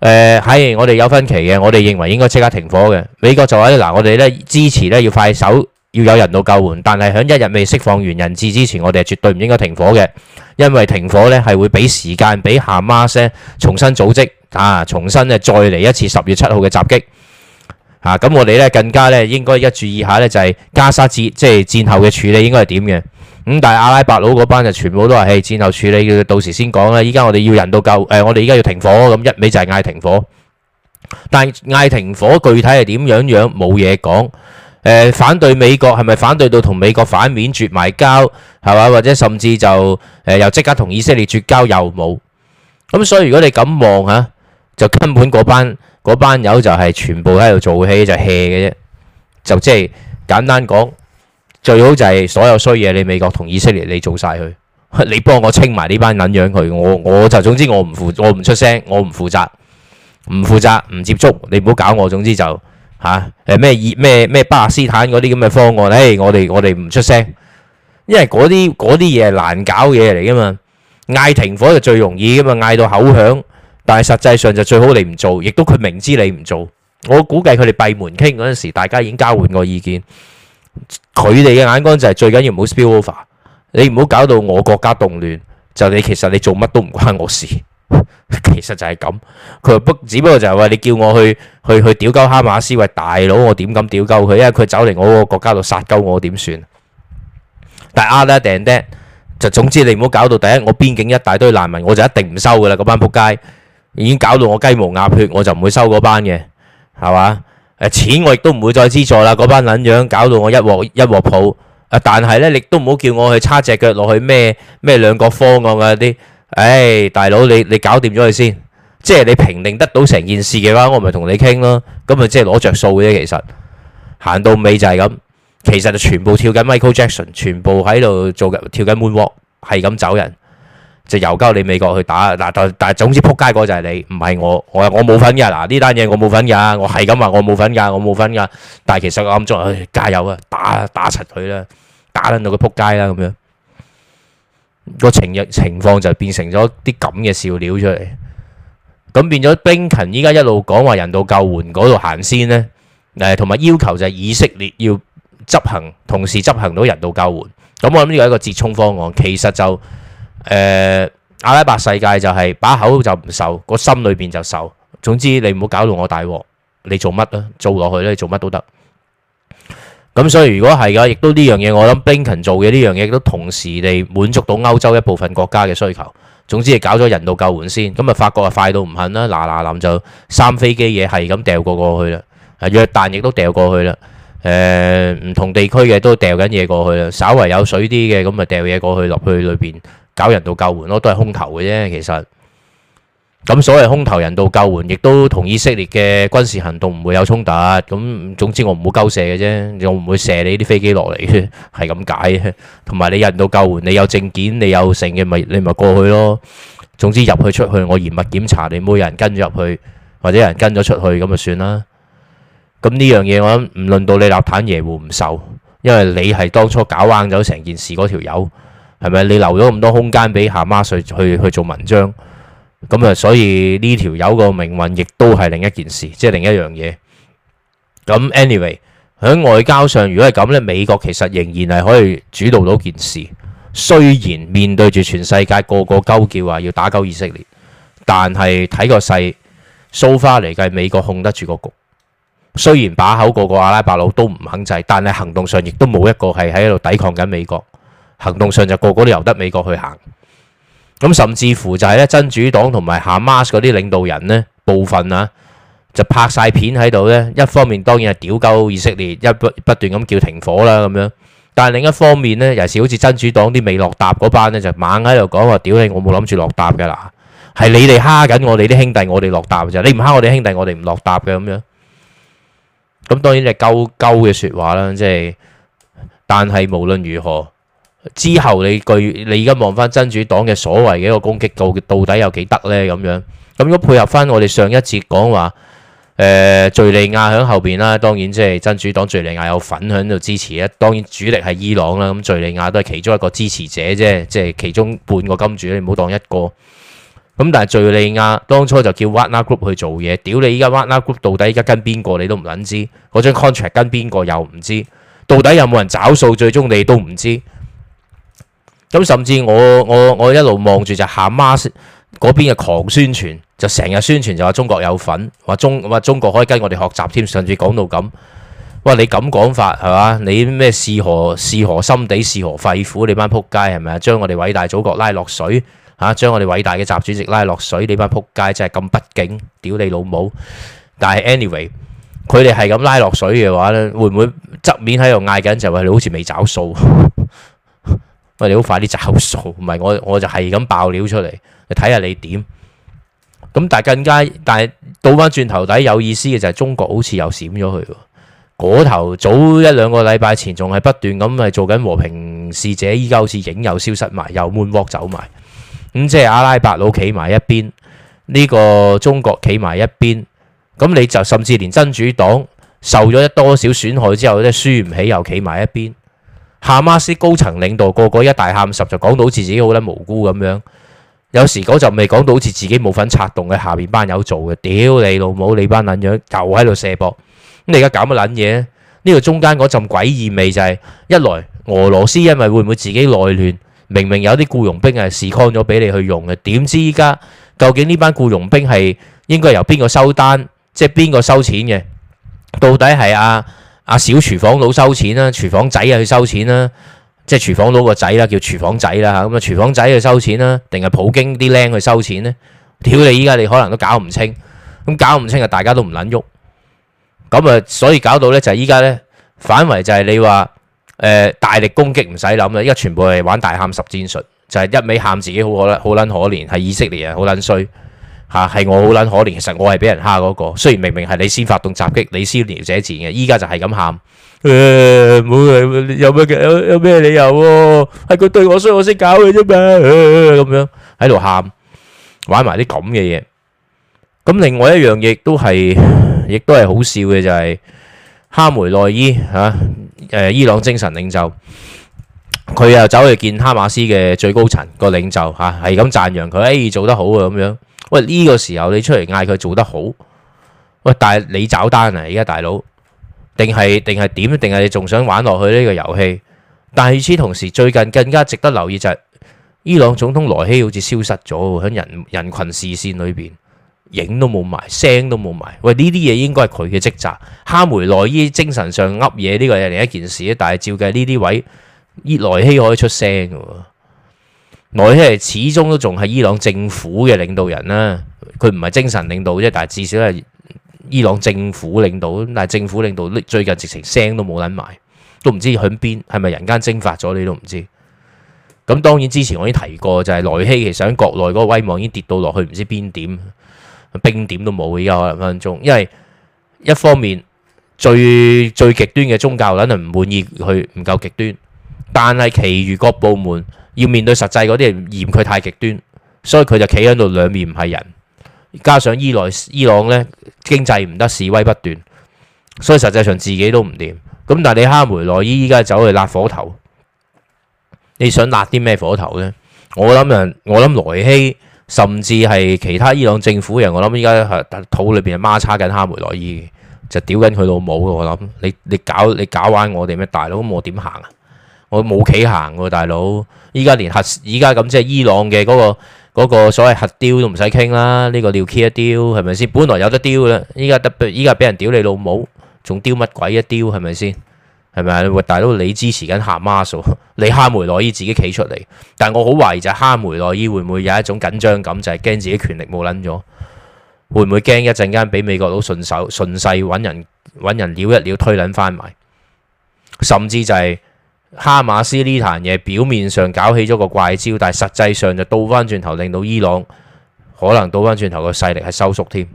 A: 誒，喺、呃、我哋有分歧嘅，我哋認為應該即刻停火嘅。美國就話嗱、啊，我哋咧支持咧要快手，要有人道救援，但係喺一日未釋放完人質之前，我哋係絕對唔應該停火嘅，因為停火咧係會俾時間俾哈馬斯重新組織啊，重新啊再嚟一次十月七號嘅襲擊啊。咁我哋咧更加咧應該一注意一下咧就係加沙戰即係戰後嘅處理應該係點嘅。咁但係阿拉伯佬嗰班就全部都係，唉，戰後處理佢到時先講啦。依家我哋要人到夠，誒，我哋依家要停火咁，一味就係嗌停火。但係嗌停火具體係點樣，樣冇嘢講。誒，反對美國係咪反對到同美國反面絕埋交係嘛？或者甚至就誒又即刻同以色列絕交又冇。咁所以如果你咁望吓，就根本嗰班嗰班友就係全部喺度做戲就 hea 嘅啫，就即係簡單講。最好就係所有衰嘢，你美國同以色列，你做晒佢， 你幫我清埋呢班撚樣佢，我我就總之我唔負，我唔出聲，我唔負責，唔負責，唔接觸，你唔好搞我。總之就嚇咩咩巴勒斯坦嗰啲咁嘅方案，誒我哋我哋唔出聲，因為嗰啲啲嘢係難搞嘢嚟㗎嘛，嗌停火就最容易㗎嘛，嗌到口響，但係實際上就最好你唔做，亦都佢明知你唔做，我估計佢哋閉門傾嗰陣時，大家已經交換過意見。佢哋嘅眼光就係最緊要唔好 spill over，你唔好搞到我國家動亂，就是、你其實你做乜都唔關我事， 其實就係咁。佢不只不過就係、是、話你叫我去去去屌鳩哈馬斯，喂大佬我點敢屌鳩佢？因為佢走嚟我個國家度殺鳩我點算？但係阿爹定爹，就總之你唔好搞到第一我邊境一大堆難民，我就一定唔收噶啦，嗰班撲街已經搞到我雞毛鴨血，我就唔會收嗰班嘅，係嘛？誒，錢我亦都唔會再資助啦，嗰班撚樣搞到我一鑊一鑊泡。誒，但係呢，你都唔好叫我去叉隻腳落去咩咩兩個方案啊啲。誒，大佬你你搞掂咗佢先，即係你平定得到成件事嘅話，我咪同你傾咯。咁咪即係攞着數嘅啫，其實行到尾就係咁。其實就全部跳緊 Michael Jackson，全部喺度做緊跳緊 Moonwalk，係咁走人。就由交你美國去打嗱，但但係總之撲街個就係你，唔係我，我我冇份㗎嗱，呢單嘢我冇份㗎，我係咁話我冇份㗎，我冇份㗎。但係其實我暗中，唉加油啊，打啊打柒佢啦，打撚到佢撲街啦咁樣。個情嘅情況就變成咗啲咁嘅笑料出嚟。咁變咗，布林肯依家一路講話人道救援嗰度行先咧，誒同埋要求就係以色列要執行，同時執行到人道救援。咁我諗要一個折衷方案，其實就。誒，阿拉伯世界就係把口就唔受，個心裏邊就受。總之你唔好搞到我大鑊。你做乜咧？做落去咧，做乜都得。咁所以如果係嘅，亦都呢樣嘢，我諗布林肯做嘅呢樣嘢都同時地滿足到歐洲一部分國家嘅需求。總之係搞咗人道救援先咁啊。發覺啊，快到唔肯啦，嗱嗱臨就三飛機嘢係咁掉過過去啦。啊，約旦亦都掉過去啦。誒，唔同地區嘅都掉緊嘢過去啦。稍為有水啲嘅咁啊，掉嘢過去落去裏邊。搞人道救援咯，都係空投嘅啫。其實咁所謂空投人道救援，亦都同以色列嘅軍事行動唔會有衝突。咁總之我唔會鳩射嘅啫，我唔會射你啲飛機落嚟嘅，係咁解。同埋你人道救援，你有證件，你有剩嘅咪你咪過去咯。總之入去出去，我嚴密檢查，你冇人跟咗入去，或者人跟咗出去，咁就算啦。咁呢樣嘢我諗唔輪到你納坦耶胡唔受，因為你係當初搞彎咗成件事嗰條友。係咪你留咗咁多空間俾哈馬斯去去做文章？咁啊，所以呢條友個命運亦都係另一件事，即係另一樣嘢。咁 anyway，喺外交上如果係咁咧，美國其實仍然係可以主導到件事。雖然面對住全世界個個鳩叫話要打鳩以色列，但係睇個勢蘇花嚟計，美國控得住個局。雖然把口個個阿拉伯佬都唔肯制，但係行動上亦都冇一個係喺度抵抗緊美國。行動上就個個都由得美國去行，咁甚至乎就係咧真主黨同埋哈馬斯嗰啲領導人咧，部分啊就拍曬片喺度咧。一方面當然係屌鳩以色列，一不不斷咁叫停火啦咁樣，但係另一方面咧，尤其好似真主黨啲未落搭嗰班咧，就猛喺度講話屌你，我冇諗住落搭㗎啦，係你哋蝦緊我哋啲兄弟，我哋落搭就係你唔蝦我哋兄弟，我哋唔落搭嘅咁樣。咁當然係鳩鳩嘅説話啦，即係但係無論如何。之後，你據你而家望翻真主黨嘅所謂嘅一個攻擊度，到底有幾得呢？咁樣，咁如果配合翻我哋上一節講話，誒、呃、敍利亞喺後邊啦，當然即係真主黨敍利亞有份喺度支持啦。當然主力係伊朗啦，咁敍利亞都係其中一個支持者啫，即係其中半個金主，你唔好當一個咁。但係敍利亞當初就叫 Wagner Group 去做嘢。屌你依家 Wagner Group 到底依家跟邊個，你都唔撚知嗰張 contract 跟邊個又唔知，到底有冇人找數，最終你都唔知。咁甚至我我我一路望住就哈馬斯嗰邊嘅狂宣傳，就成日宣傳就話中國有份，話中話中國可以跟我哋學習添，甚至講到咁。哇！你咁講法係嘛？你咩是何是何心地是何肺腑？你班撲街係咪啊？將我哋偉大祖國拉落水嚇，將我哋偉大嘅習主席拉落水？你班撲街真係咁不敬，屌你老母！但係 anyway，佢哋係咁拉落水嘅話咧，會唔會側面喺度嗌緊就話你好似未找數？餵！你好快啲找數，唔係我我就係咁爆料出嚟，睇下你點。咁但係更加，但係倒翻轉頭底有意思嘅就係中國好似又閃咗佢喎。嗰頭早一兩個禮拜前仲係不斷咁係做緊和平使者，依家好似影又消失埋，又悶鍋走埋。咁即係阿拉伯佬企埋一邊，呢個中國企埋一邊。咁你就甚至連真主黨受咗多少損害之後咧，輸唔起又企埋一邊。下哈馬斯高層領導個個一大喊十，就講到好似自己好卵無辜咁樣，有時講就未講到好似自己冇份策動嘅，下邊班友做嘅，屌你老母，你班卵樣又喺度射博，你而家搞乜卵嘢？呢個中間嗰陣詭異味就係、是、一來俄羅斯因為會唔會自己內亂，明明有啲僱傭兵係試抗咗俾你去用嘅，點知而家究竟呢班僱傭兵係應該由邊個收單，即係邊個收錢嘅？到底係啊？阿、啊、小廚房佬收錢啦，廚房仔啊去收錢啦，即係廚房佬個仔啦，叫廚房仔啦吓，咁啊廚房仔去收錢啦，定係普京啲僆去收錢呢？屌你！依家你可能都搞唔清，咁搞唔清啊，大家都唔捻喐，咁、嗯、啊，所以搞到呢就係依家呢，反為就係你話誒、呃、大力攻擊唔使諗啦，依家全部係玩大喊十戰術，就係、是、一味喊自己好可好撚可憐，係以色列人好撚衰。吓，係、啊、我好撚可憐，其實我係俾人蝦嗰、那個。雖然明明係你先發動襲擊，你先撩者戰嘅，依家就係咁喊，冇、欸、有咩有咩理由喎、啊？係佢對我衰，我先搞嘅啫嘛，咁、欸、樣喺度喊，玩埋啲咁嘅嘢。咁另外一樣嘢都係，亦都係好笑嘅就係、是、哈梅內伊嚇，誒、啊啊、伊朗精神領袖，佢又走去見哈馬斯嘅最高層、那個領袖嚇，係、啊、咁讚揚佢，誒、欸、做得好啊咁樣。喂，這個時候你出嚟嗌，佢做得好，喂，但係你找單啊？而家大佬，定係定係點？定係你仲想玩落去這個遊戲？但係與此同時，最近更加值得留意就係伊朗總統萊希好似消失咗喺人人群視線裏邊，影都冇埋，聲都冇埋。喂，呢啲嘢應該係佢嘅職責。哈梅內伊精神上噏嘢呢個係另一件事，但係照計呢啲位，伊萊希可以出聲嘅。內希始終都仲係伊朗政府嘅領導人啦，佢唔係精神領導啫，但係至少係伊朗政府領導。但係政府領導最近直情聲都冇捻埋，都唔知響邊，係咪人間蒸發咗？你都唔知。咁當然之前我已經提過，就係、是、內希其實喺國內嗰個威望已經跌到落去，唔知邊點冰點都冇。而家我分分鐘，因為一方面最最極端嘅宗教撚可能唔滿意佢唔夠極端，但係其餘各部門，要面對實際嗰啲人嫌佢太極端，所以佢就企喺度兩面唔係人，加上伊內伊朗呢經濟唔得，示威不斷，所以實際上自己都唔掂。咁但係你哈梅內伊依家走去揦火頭，你想揦啲咩火頭呢？我諗人，我諗萊希，甚至係其他伊朗政府人，我諗依家係肚裏邊孖叉緊哈梅內伊，就屌緊佢老母。我諗你你搞你搞玩我哋咩，大佬，我點行啊？我冇企行喎，大佬！依家連核依家咁即係伊朗嘅嗰、嗰個嗰個所謂核雕都唔使傾啦，呢、呢個尿黐一丟係咪先？本來有得丟啦，依家得依家俾人屌你老母，仲丟乜鬼一丟係咪先？係咪啊？大佬，你支持緊哈馬斯，你哈梅內伊自己企出嚟，但係我好懷疑就係哈梅內伊會唔會有一種緊張感，就係、係、驚自己權力冇撚咗，會唔會驚一陣間俾美國佬順手順勢揾人揾人撩一撩推撚翻埋，甚至就係、係。哈馬斯呢壇嘢表面上搞起咗個怪招，但係實際上就倒翻轉頭令到伊朗可能倒翻轉頭個勢力係收縮添。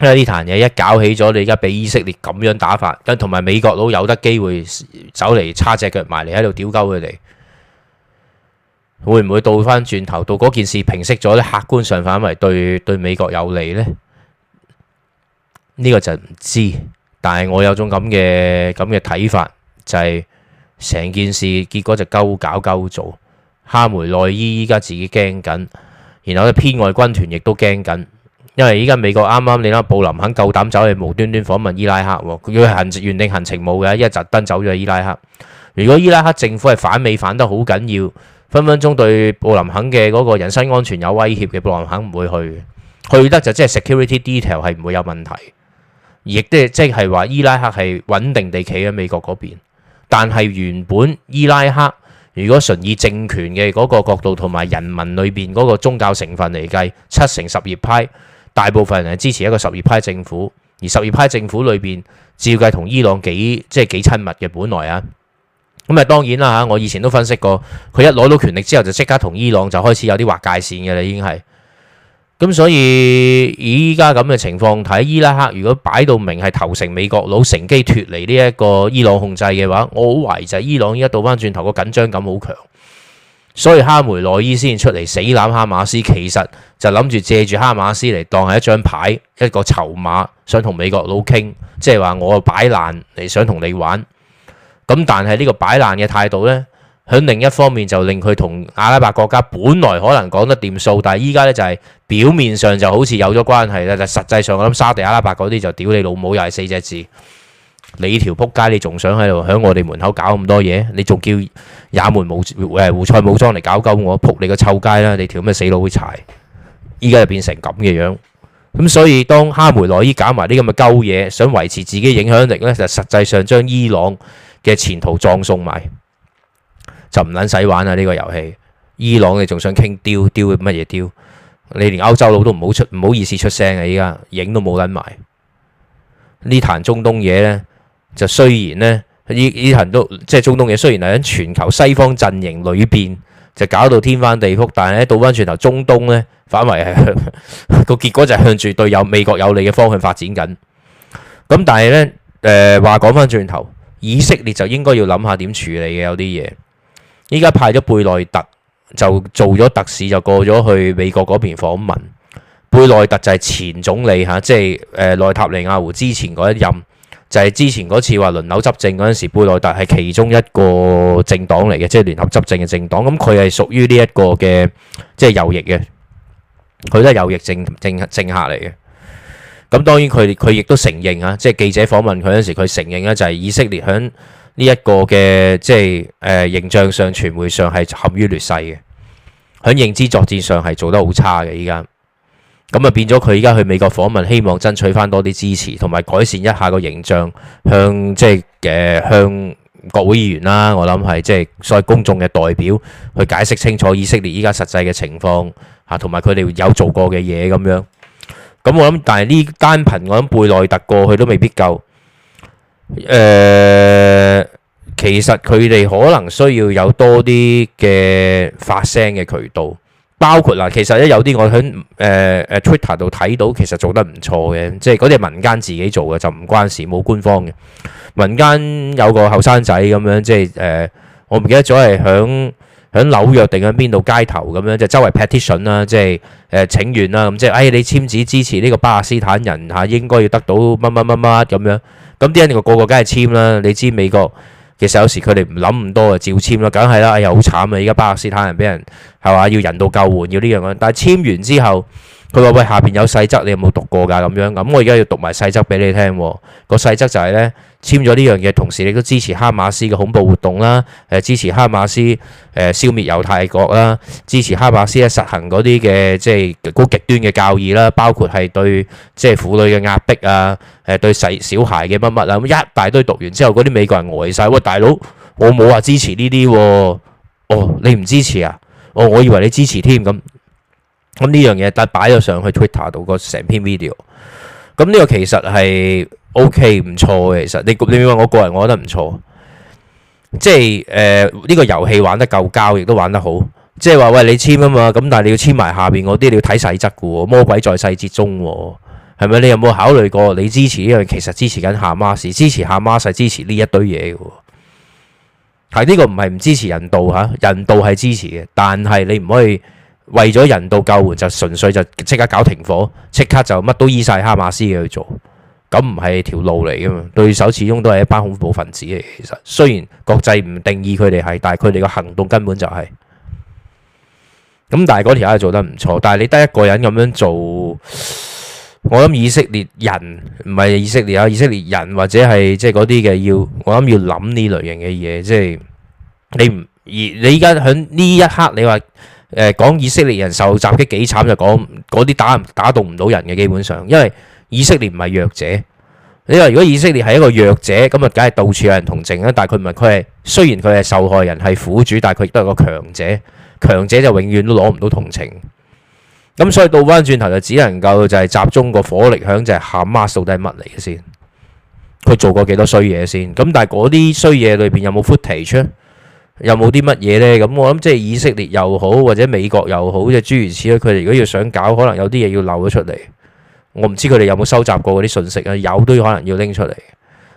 A: 因為呢壇嘢一搞起咗，你而家俾以色列咁樣打法，跟同埋美國佬有得機會走嚟叉隻腳埋嚟喺度屌鳩佢哋，會唔會倒翻轉頭到嗰件事平息咗咧？客觀上反為對對美國有利呢？呢、這個就唔知，但係我有種咁嘅咁嘅睇法就係、是。成件事結果就鳩搞鳩做，哈梅內伊依家自己驚緊，然後咧編外軍團亦都驚緊，因為依家美國啱啱你睇，布林肯夠膽走去無端端訪問伊拉克，佢行原定行程冇嘅，一特登走咗去伊拉克。如果伊拉克政府係反美反得好緊要，分分鐘對布林肯嘅嗰個人身安全有威脅嘅，布林肯唔會去。去得就即係 security detail 係唔會有問題，亦都即係話伊拉克係穩定地企喺美國嗰邊。但係原本伊拉克，如果純以政權嘅嗰個角度同埋人民裏邊嗰個宗教成分嚟計，七成什葉派，大部分人係支持一個什葉派政府，而什葉派政府裏邊，照計同伊朗幾即係幾親密嘅，本來啊，咁、嗯、啊當然啦嚇，我以前都分析過，佢一攞到權力之後就即刻同伊朗就開始有啲劃界線嘅啦，已經係。咁所以依家咁嘅情況，睇伊拉克如果擺到明係投誠美國佬，乘機脫離呢一個伊朗控制嘅話，我好懷疑就係伊朗依家倒翻轉頭個緊張感好強，所以哈梅內伊先出嚟死攬哈馬斯，其實就諗住借住哈馬斯嚟當係一張牌、一個籌碼，想同美國佬傾，即係話我擺爛嚟想同你玩。咁但係呢個擺爛嘅態度呢。喺另一方面就令佢同阿拉伯國家本來可能講得掂數，但係依家呢，就係表面上就好似有咗關係啦，但實際上我諗沙地阿拉伯嗰啲就屌你老母又係四隻字，你條仆街你仲想喺度喺我哋門口搞咁多嘢？你仲叫也門武誒胡塞武裝嚟搞鳩我，仆你個臭街啦！你條咩死佬老闆，依家就變成咁嘅樣。咁所以當哈梅內伊搞埋啲咁嘅鳩嘢，想維持自己影響力呢就實際上將伊朗嘅前途葬送埋。就唔撚使玩啦！呢個遊戲，伊朗你仲想傾丟丟乜嘢丟？你連歐洲佬都唔好出唔好意思出聲啊！依家影都冇撚埋呢壇中東嘢呢。就雖然咧呢呢壇都即係中東嘢，雖然係喺全球西方陣營裏邊就搞到天翻地覆，但係呢，倒翻轉頭，中東呢，反為係個結果就係向住對有美國有利嘅方向發展緊。咁但係呢，誒、呃、話講翻轉頭，以色列就應該要諗下點處理嘅有啲嘢。依家派咗貝內特就做咗特使，就過咗去美國嗰邊訪問。貝內特就係前總理嚇，即係誒內塔尼亞胡之前嗰一任，就係之前嗰次話輪流執政嗰陣時，貝內特係其中一個政黨嚟嘅，即係聯合執政嘅政黨。咁佢係屬於呢一個嘅即係右翼嘅，佢都係右翼政政政客嚟嘅。咁當然佢佢亦都承認啊，即係記者訪問佢嗰陣時，佢承認咧就係以色列響，呢一個嘅即係誒形象上、傳媒上係陷於劣勢嘅，喺認知作戰上係做得好差嘅。依家咁啊，變咗佢依家去美國訪問，希望爭取翻多啲支持，同埋改善一下個形象，向即係誒向國會議員啦。我諗係即係所謂公眾嘅代表去解釋清楚以色列依家實際嘅情況嚇，同埋佢哋有做過嘅嘢咁樣。咁我諗，但係呢單憑我諗貝內特過去都未必夠誒。其實佢哋可能需要有多啲嘅發聲嘅渠道，包括嗱。其實咧有啲我喺誒誒 Twitter 度睇到，其實做得唔錯嘅，即係嗰啲民間自己做嘅就唔關事，冇官方嘅民間有個後生仔咁樣，即係誒、呃、我唔記得咗係響響紐約定響邊度街頭咁樣，就周圍 petition 啦、呃，即係誒請願啦，咁即係誒你簽紙支持呢個巴勒斯坦人嚇，應該要得到乜乜乜乜咁樣。咁啲人，人個個梗係簽啦，你知美國。其實有時佢哋唔諗咁多啊，照簽咯，梗係啦，又好慘啊！依家巴勒斯坦人俾人係嘛，要人道救援，要呢樣嗰樣。但係簽完之後，佢話喂，下邊有細則，你有冇讀過㗎？咁樣咁樣，我而家要讀埋細則俾你聽喎。個細則就係咧。簽咗呢樣嘢，同時你都支持哈馬斯嘅恐怖活動啦，誒支持哈馬斯誒消滅猶太國啦，支持哈馬斯咧、呃、實行嗰啲嘅即係高極端嘅教義啦，包括係對即係婦女嘅壓迫啊，誒、啊、對細小孩嘅乜乜啊，咁一大堆讀完之後，嗰啲美國人呆晒：「喂，大佬，我冇話支持呢啲喎，哦，你唔支持啊？哦，我以為你支持添咁，咁呢樣嘢但係擺咗上去 Twitter 度個成篇 video，咁呢個其實係。O K，唔錯嘅，okay，其實你你我個人，我覺得唔錯，即係誒呢個遊戲玩得夠膠，亦都玩得好。即係話喂你簽啊嘛，咁但係你要簽埋下邊嗰啲，你要睇細則嘅喎。魔鬼在細節中喎，係咪？你有冇考慮過你支持呢樣？其實支持緊哈馬士，支持哈馬士，支持呢一堆嘢嘅喎。係呢個唔係唔支持人道嚇，人道係支持嘅，但係你唔可以為咗人道救援就純粹就即刻搞停火，即刻就乜都依晒哈馬斯嘅去做。咁唔係條路嚟噶嘛？對手始終都係一班恐怖分子嚟，其實雖然國際唔定義佢哋係，但係佢哋嘅行動根本就係咁。但係嗰條而家做得唔錯，但係你得一個人咁樣做，我諗以色列人唔係以色列啊，以色列人或者係即係嗰啲嘅要，我諗要諗呢類型嘅嘢，即係你唔而你而家喺呢一刻你話誒講以色列人受襲擊幾慘就講嗰啲打打動唔到人嘅基本上，因為。以色列唔係弱者，你話如果以色列係一個弱者咁啊，梗係到處有人同情啦。但係佢唔係，佢係雖然佢係受害人係苦主，但係佢亦都係個強者。強者就永遠都攞唔到同情。咁所以倒翻轉頭就只能夠就係集中個火力喺就係哈馬斯到底乜嚟嘅先，佢做過幾多衰嘢先。咁但係嗰啲衰嘢裏邊有冇 footage，有冇啲乜嘢呢？咁我諗即係以色列又好或者美國又好，即係諸如此類。佢哋如果要想搞，可能有啲嘢要漏咗出嚟。我唔知佢哋有冇收集過嗰啲信息啊？有都可能要拎出嚟，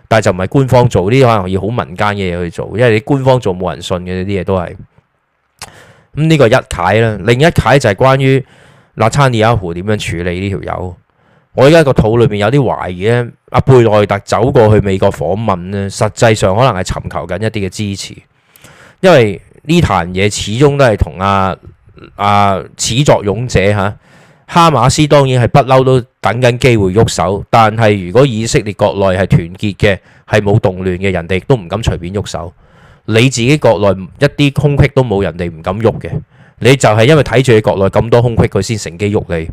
A: 但係就唔係官方做呢啲，可能要好民間嘅嘢去做，因為你官方做冇人信嘅、嗯這個、呢啲嘢都係。咁呢個一解啦，另一解就係關於內塔尼亞胡點樣處理呢條友。我而家個肚裏面有啲懷疑呢，阿貝奈特走過去美國訪問呢，實際上可能係尋求緊一啲嘅支持，因為呢壇嘢始終都係同阿阿始作俑者吓。哈馬斯當然係不嬲都等緊機會喐手，但係如果以色列國內係團結嘅，係冇動亂嘅，人哋都唔敢隨便喐手。你自己國內一啲空隙都冇，人哋唔敢喐嘅。你就係因為睇住你國內咁多空隙，佢先乘機喐你。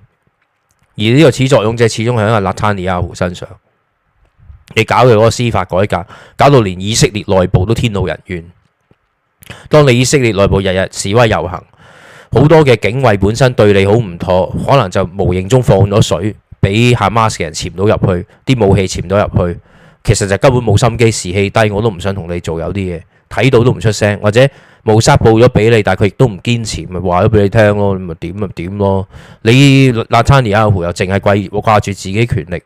A: 而呢個始作俑者始終喺阿納坦尼亞胡身上。你搞到嗰個司法改革，搞到連以色列內部都天怒人怨。當你以色列內部日日示威遊行。好多嘅警衛本身對你好唔妥，可能就無形中放咗水，俾哈馬斯嘅人潛到入去，啲武器潛到入去，其實就根本冇心機，士氣低，我都唔想同你做有啲嘢，睇到都唔出聲，或者無失報咗俾你，但係佢亦都唔堅持，咪話咗俾你聽咯，咁咪點咪點咯，你內塔尼阿胡又淨係掛住掛住自己權力，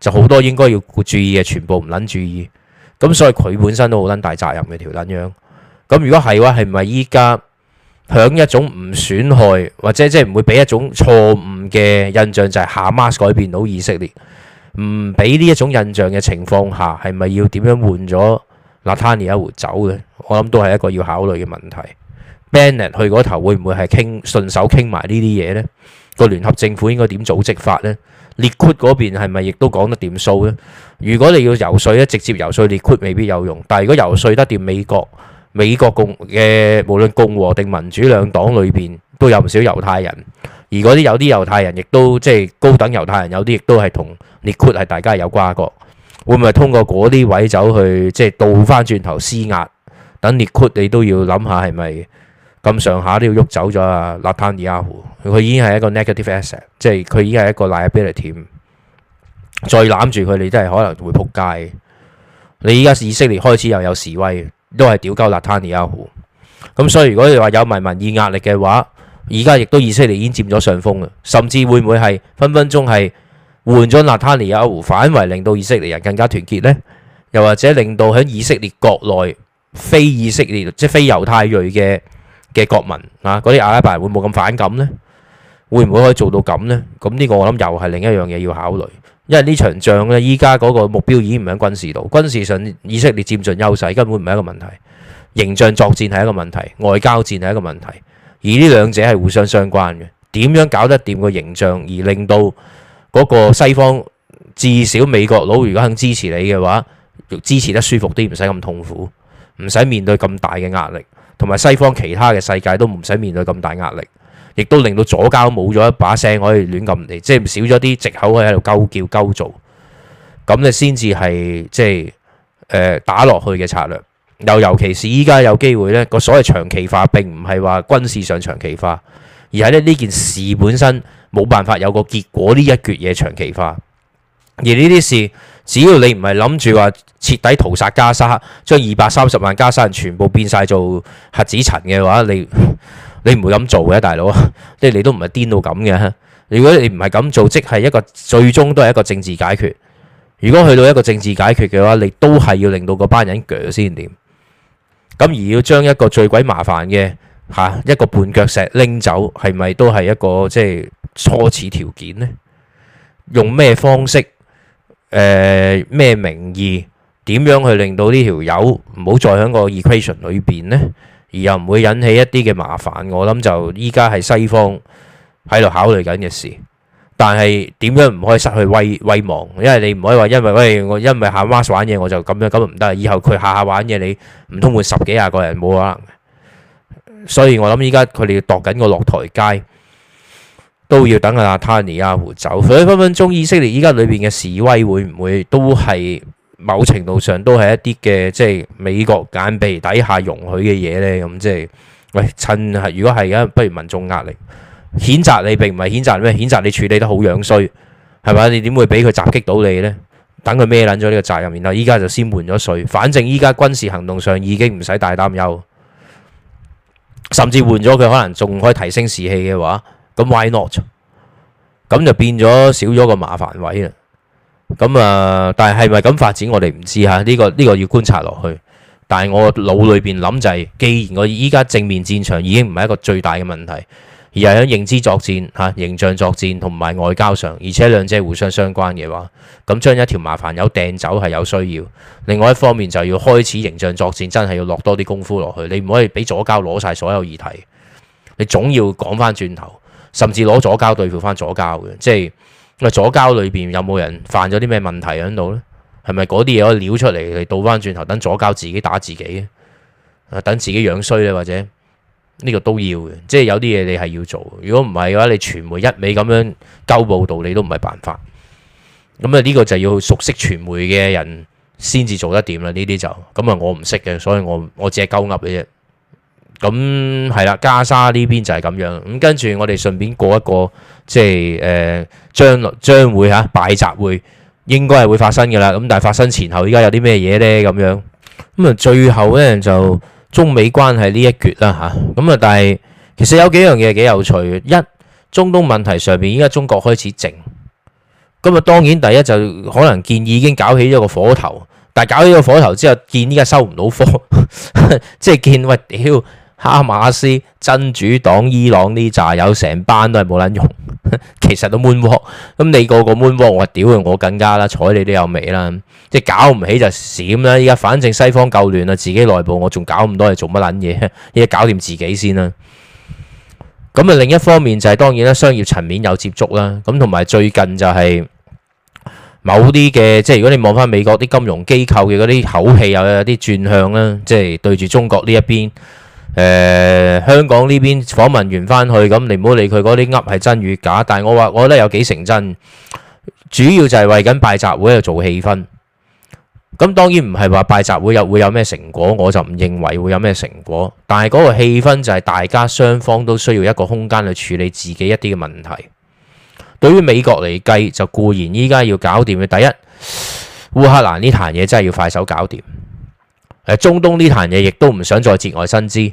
A: 就好多應該要注意嘅全部唔撚注意，咁所以佢本身都好撚大責任嘅條撚樣，咁如果係話係咪依家？是響一種唔損害或者即係唔會俾一種錯誤嘅印象，就係下 Hamas 改變到以色列，唔俾呢一種印象嘅情況下，係咪要點樣換咗 Netanyahu 一回走嘅？我諗都係一個要考慮嘅問題。Bennett 去嗰頭會唔會係傾順手傾埋呢啲嘢呢？個聯合政府應該點組織法呢 Liquid 嗰邊係咪亦都講得掂數呢？如果你要游說咧，直接游說 Liquid 未必有用，但係如果游說得掂美國。美國共嘅無論共和定民主兩黨裏邊都有唔少猶太人，而嗰啲有啲猶太人亦都即係高等猶太人，有啲亦都係同列 i 係大家有瓜葛。會唔會通過嗰啲位走去即係倒翻轉頭施壓？等列 i 你都要諗下係咪咁上下都要喐走咗啊？拉探爾阿胡佢已經係一個 negative asset，即係佢已經係一個 liability。再攬住佢，你都係可能會撲街。你依家以色列開始又有示威，都係屌鳩納坦尼亞胡，咁所以如果你話有民民意壓力嘅話，而家亦都以色列已經佔咗上風啦，甚至會唔會係分分鐘係換咗納坦尼亞胡，反為令到以色列人更加團結呢？又或者令到喺以色列國內非以色列即係非猶太裔嘅嘅國民啊，嗰啲阿拉伯人會冇咁反感呢？會唔會可以做到咁呢？咁呢個我諗又係另一樣嘢要考慮。因為呢場仗呢，依家嗰個目標已經唔喺軍事度，軍事上以色列佔盡優勢，根本唔係一個問題。形象作戰係一個問題，外交戰係一個問題，而呢兩者係互相相關嘅。點樣搞得掂個形象，而令到嗰個西方至少美國佬如果肯支持你嘅話，支持得舒服啲，唔使咁痛苦，唔使面對咁大嘅壓力，同埋西方其他嘅世界都唔使面對咁大壓力。亦都令到左膠冇咗一把聲可以亂咁嚟，即係少咗啲藉口喺度鳩叫鳩做，咁咧先至係即係、呃、打落去嘅策略。又尤其是依家有機會呢個所謂長期化並唔係話軍事上長期化，而係咧呢件事本身冇辦法有個結果呢一橛嘢長期化。而呢啲事，只要你唔係諗住話徹底屠殺加沙，將二百三十萬加沙人全部變晒做核子塵嘅話，你。 你唔會咁做嘅，大佬，即係你都唔係癲到咁嘅。如果你唔係咁做，即係一個最終都係一個政治解決。如果去到一個政治解決嘅話，你都係要令到嗰班人鋸先點。咁而要將一個最鬼麻煩嘅嚇一個絆腳石拎走，係咪都係一個即係初始條件呢？用咩方式？誒咩名義？點樣去令到呢條友唔好再喺個 equation 裏邊呢？而又唔會引起一啲嘅麻煩，我諗就依家係西方喺度考慮緊嘅事。但係點樣唔可以失去威威望？因為你唔可以話因為喂、欸、我因為下 w s 玩嘢我就咁樣咁就唔得。以後佢下下玩嘢，你唔通換十幾廿個人冇可能？所以我諗依家佢哋要度緊個落台階，都要等阿塔尼亞胡走。所以分分鐘以色列依家裏邊嘅示威會唔會都係？某程度上都係一啲嘅，即係美國眼皮底下容許嘅嘢呢。咁即係喂趁係，如果係而家不如民眾壓力，譴責你並唔係譴責咩，譴責你處理得好樣衰，係咪？你點會俾佢襲擊到你呢？等佢孭撚咗呢個責任，然後依家就先換咗稅，反正依家軍事行動上已經唔使大擔憂，甚至換咗佢可能仲可以提升士氣嘅話，咁 why not，咁就變咗少咗個麻煩位啊！咁啊、嗯！但係係咪咁發展，我哋唔知吓呢、這個呢、這個要觀察落去。但係我腦裏邊諗就係、是，既然我依家正面戰場已經唔係一個最大嘅問題，而係喺認知作戰吓、啊、形象作戰同埋外交上，而且兩者互相相關嘅話，咁將一條麻煩有掟走係有需要。另外一方面就要開始形象作戰，真係要落多啲功夫落去。你唔可以俾左膠攞晒所有議題，你總要講翻轉頭，甚至攞左膠對付翻左膠嘅，即係。左膠裏邊有冇人犯咗啲咩問題喺度呢？係咪嗰啲嘢可以撩出嚟，你倒翻轉頭，等左膠自己打自己啊？等自己樣衰咧，或者呢個都要嘅，即係有啲嘢你係要做。如果唔係嘅話，你傳媒一味咁樣鳩報道，你都唔係辦法。咁啊，呢個就要熟悉傳媒嘅人先至做得掂啦。呢啲就咁啊，我唔識嘅，所以我我只係鳩鴨嘅咁係啦，加沙呢邊就係咁樣。咁跟住我哋順便過一個，即係誒、呃、將來將會嚇、啊、拜習會應該係會發生㗎啦。咁但係發生前後，依家有啲咩嘢呢？咁樣咁啊、嗯，最後呢，就中美關係呢一橛啦嚇。咁啊，嗯、但係其實有幾樣嘢幾有趣。一，中東問題上面，依家中國開始靜。咁、嗯、啊，當然第一就可能見已經搞起咗個火頭，但係搞起個火頭之後，見依家收唔到火， 即係見喂屌！哈馬斯真主黨、伊朗呢？扎有成班都係冇撚用，其實都悶咁。你個個悶喎，我屌啊！我更加啦，睬你都有味啦。即係搞唔起就閃啦。依家反正西方夠亂啦，自己內部我仲搞咁多嚟做乜撚嘢？依家搞掂自己先啦。咁啊，另一方面就係當然啦，商業層面有接觸啦。咁同埋最近就係某啲嘅，即係如果你望翻美國啲金融機構嘅嗰啲口氣，又有啲轉向啦，即係對住中國呢一邊。誒、呃、香港呢邊訪問完翻去咁，你唔好理佢嗰啲噏係真與假，但係我話我覺得有幾成真，主要就係為緊拜習會度做氣氛。咁當然唔係話拜習會又會有咩成果，我就唔認為會有咩成果。但係嗰個氣氛就係大家雙方都需要一個空間去處理自己一啲嘅問題。對於美國嚟計，就固然依家要搞掂嘅第一，烏克蘭呢壇嘢真係要快手搞掂、呃。中東呢壇嘢亦都唔想再節外生枝。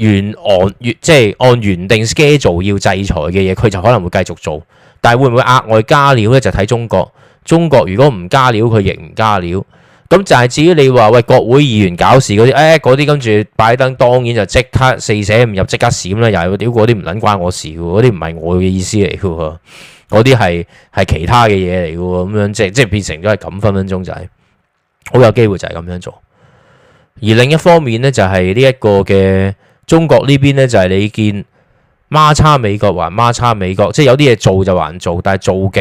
A: 按按即係按原定 schedule 要制裁嘅嘢，佢就可能會繼續做，但係會唔會額外加料咧？就睇中國。中國如果唔加料，佢亦唔加料。咁就係至於你話喂國會議員搞事嗰啲，誒嗰啲跟住拜登當然就即刻四捨五入的的，即刻閃啦。又屌嗰啲唔撚關我事嘅喎，嗰啲唔係我嘅意思嚟嘅喎，嗰啲係係其他嘅嘢嚟嘅喎，咁樣即即變成咗係咁分分鐘仔就係好有機會就係咁樣做。而另一方面呢，就係呢一個嘅。中國呢邊呢，就係、是、你見，孖叉美國還孖叉美國，即係有啲嘢做就還做，但係做極，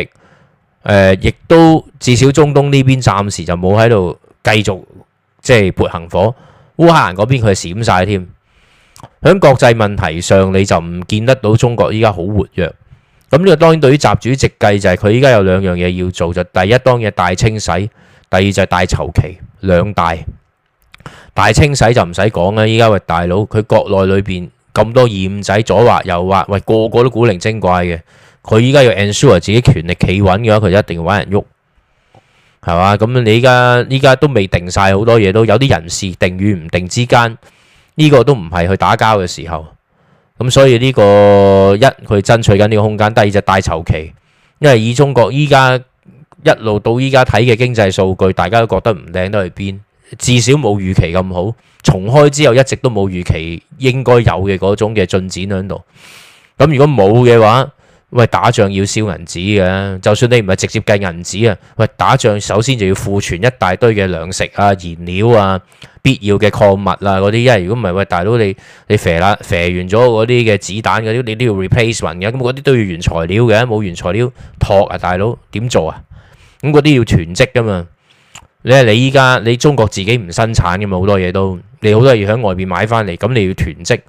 A: 亦、呃、都至少中東呢邊暫時就冇喺度繼續即係撥行火，烏克蘭嗰邊佢係閃晒添。喺國際問題上你就唔見得到中國依家好活躍，咁呢個當然對於習主席計就係佢依家有兩樣嘢要做，就第一當然大清洗，第二就係大籌旗。兩大。大清洗就唔使講啦，依家喂，大佬，佢，國內裏邊咁多二五仔左劃右劃，喂，個個都古靈精怪嘅。佢依家要 ensure 自己權力企穩嘅話，佢一定要搵人喐，係嘛？咁你依家依家都未定晒好多嘢，都有啲人事定與唔定之間，呢個都唔係去打交嘅時候，咁所以呢個一去爭取緊呢個空間，第二就大籌期，因為以中國依家一路到依家睇嘅經濟數據，大家都覺得唔靚，都去邊？至少冇預期咁好，重開之後一直都冇預期應該有嘅嗰種嘅進展喺度。咁如果冇嘅話，喂，打仗要燒銀紙嘅，就算你唔係直接計銀紙啊，喂，打仗首先就要庫存一大堆嘅糧食啊、燃料啊、必要嘅礦物啊嗰啲。一係如果唔係，喂，大佬你你肥啦，肥完咗嗰啲嘅子彈嗰啲，你都要 replacement 嘅，咁嗰啲都要原材料嘅，冇原材料托啊，大佬點做啊？咁嗰啲要囤積㗎嘛。.你係你依家，你中國自己唔生產嘅嘛，好多嘢都，你好多嘢喺外邊買翻嚟，咁你要囤積，咁、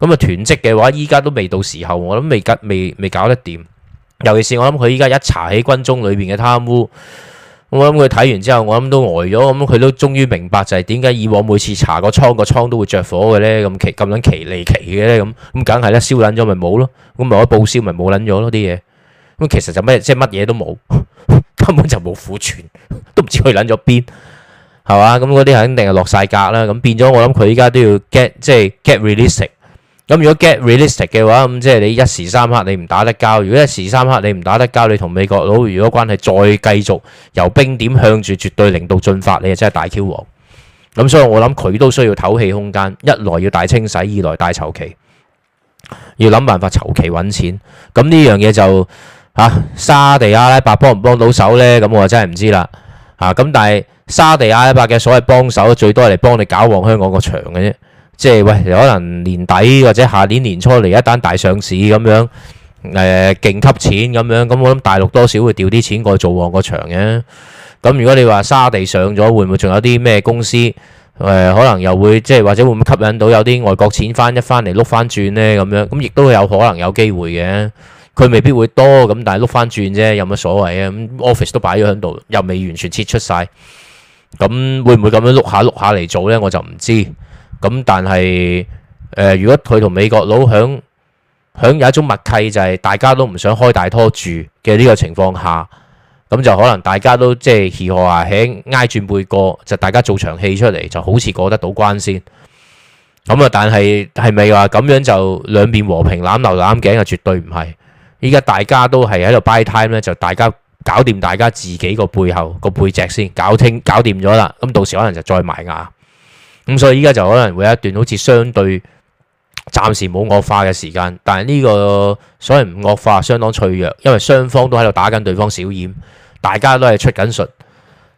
A: 嗯、啊囤積嘅話，依家都未到時候，我諗未未未搞得掂。尤其是我諗佢依家一查起軍中裏邊嘅貪污，我諗佢睇完之後，我諗都呆咗，咁、嗯、佢都終於明白就係點解以往每次查個倉個倉都會着火嘅咧，咁奇咁樣奇離奇嘅咧咁，咁梗係啦，燒捻咗咪冇咯，咁咪可以報銷咪冇捻咗咯啲嘢，咁其實就咩即係乜嘢都冇。根本就冇庫存，都唔知佢諗咗邊，係嘛？咁嗰啲肯定係落晒格啦。咁變咗，我諗佢依家都要 get，即係 get realistic。咁如果 get realistic 嘅話，咁即係你一時三刻你唔打得交。如果一時三刻你唔打得交，你同美國佬如果關係再繼續由冰點向住絕對零度進發，你就真係大 Q 王。咁所以我諗佢都需要唞氣空間，一來要大清洗，二來大籌期，要諗辦法籌期揾錢。咁呢樣嘢就。沙地阿拉伯幫唔幫到手呢？咁我真係唔知啦。吓、啊，咁但係沙地阿拉伯嘅所謂幫手，最多係嚟幫你搞旺香港個場嘅啫。即係喂，可能年底或者下年年初嚟一單大上市咁樣，誒、呃，勁吸錢咁樣。咁、嗯、我諗大陸多少會掉啲錢過去做旺個場嘅。咁如果你話沙地上咗，會唔會仲有啲咩公司誒、呃，可能又會即係或者會唔會吸引到有啲外國錢翻一翻嚟碌翻轉呢？咁樣咁亦都有可能有機會嘅。佢未必會多咁，但係碌翻轉啫，有乜所謂啊？咁 office 都擺咗喺度，又未完全撤出曬，咁會唔會咁樣碌下碌下嚟做呢？我就唔知。咁但係誒，如果佢同美國佬響響有一種默契，就係大家都唔想開大拖住嘅呢個情況下，咁就可能大家都即係如何話喺挨轉背過，就大家做場戲出嚟就好似過得到關先。咁啊，但係係咪話咁樣就兩邊和平攬流攬頸啊？絕對唔係。依家大家都係喺度 buy time 咧，就大家搞掂大家自己個背後個背脊先搞，搞清搞掂咗啦，咁到時可能就再埋牙。咁所以依家就可能會有一段好似相對暫時冇惡化嘅時間，但係呢、這個所謂唔惡化，相當脆弱，因為雙方都喺度打緊對方小掩，大家都係出緊術。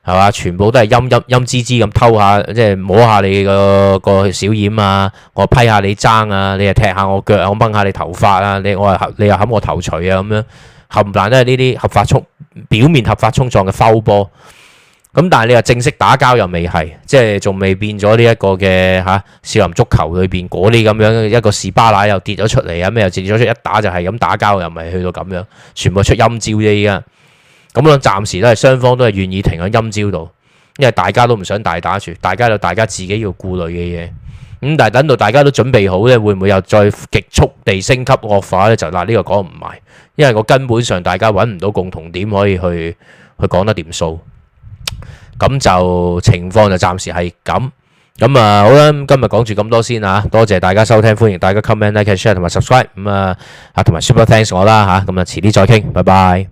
A: 係嘛？全部都係陰陰陰滋滋咁偷下，即係摸下你個個小掩啊！我批下你爭啊！你又踢下我腳啊！我掹下你頭髮啊！你我話你又冚我頭槌啊！咁樣冚唥都係呢啲合法衝表面合法衝撞嘅 foul 波。u 咁但係你又正式打交又未係，即係仲未變咗呢一個嘅嚇、啊、少林足球裏邊嗰啲咁樣一個士巴拿又跌咗出嚟啊咩又跌咗出，一打就係咁打交又唔係去到咁樣，全部出陰招啫依家。咁我諗暫時都係雙方都係願意停喺陰招度，因為大家都唔想大打戰，大家有大家自己要顧慮嘅嘢。咁但係等到大家都準備好咧，會唔會又再極速地升級惡化咧？就嗱呢個講唔埋，因為我根本上大家搵唔到共同點可以去去講得掂數。咁就情況就暫時係咁。咁啊好啦，今日講住咁多先啊，多謝大家收聽，歡迎大家 comment、like、share 同埋 subscribe。咁啊啊同埋 super thanks 我啦吓，咁啊遲啲再傾，拜拜。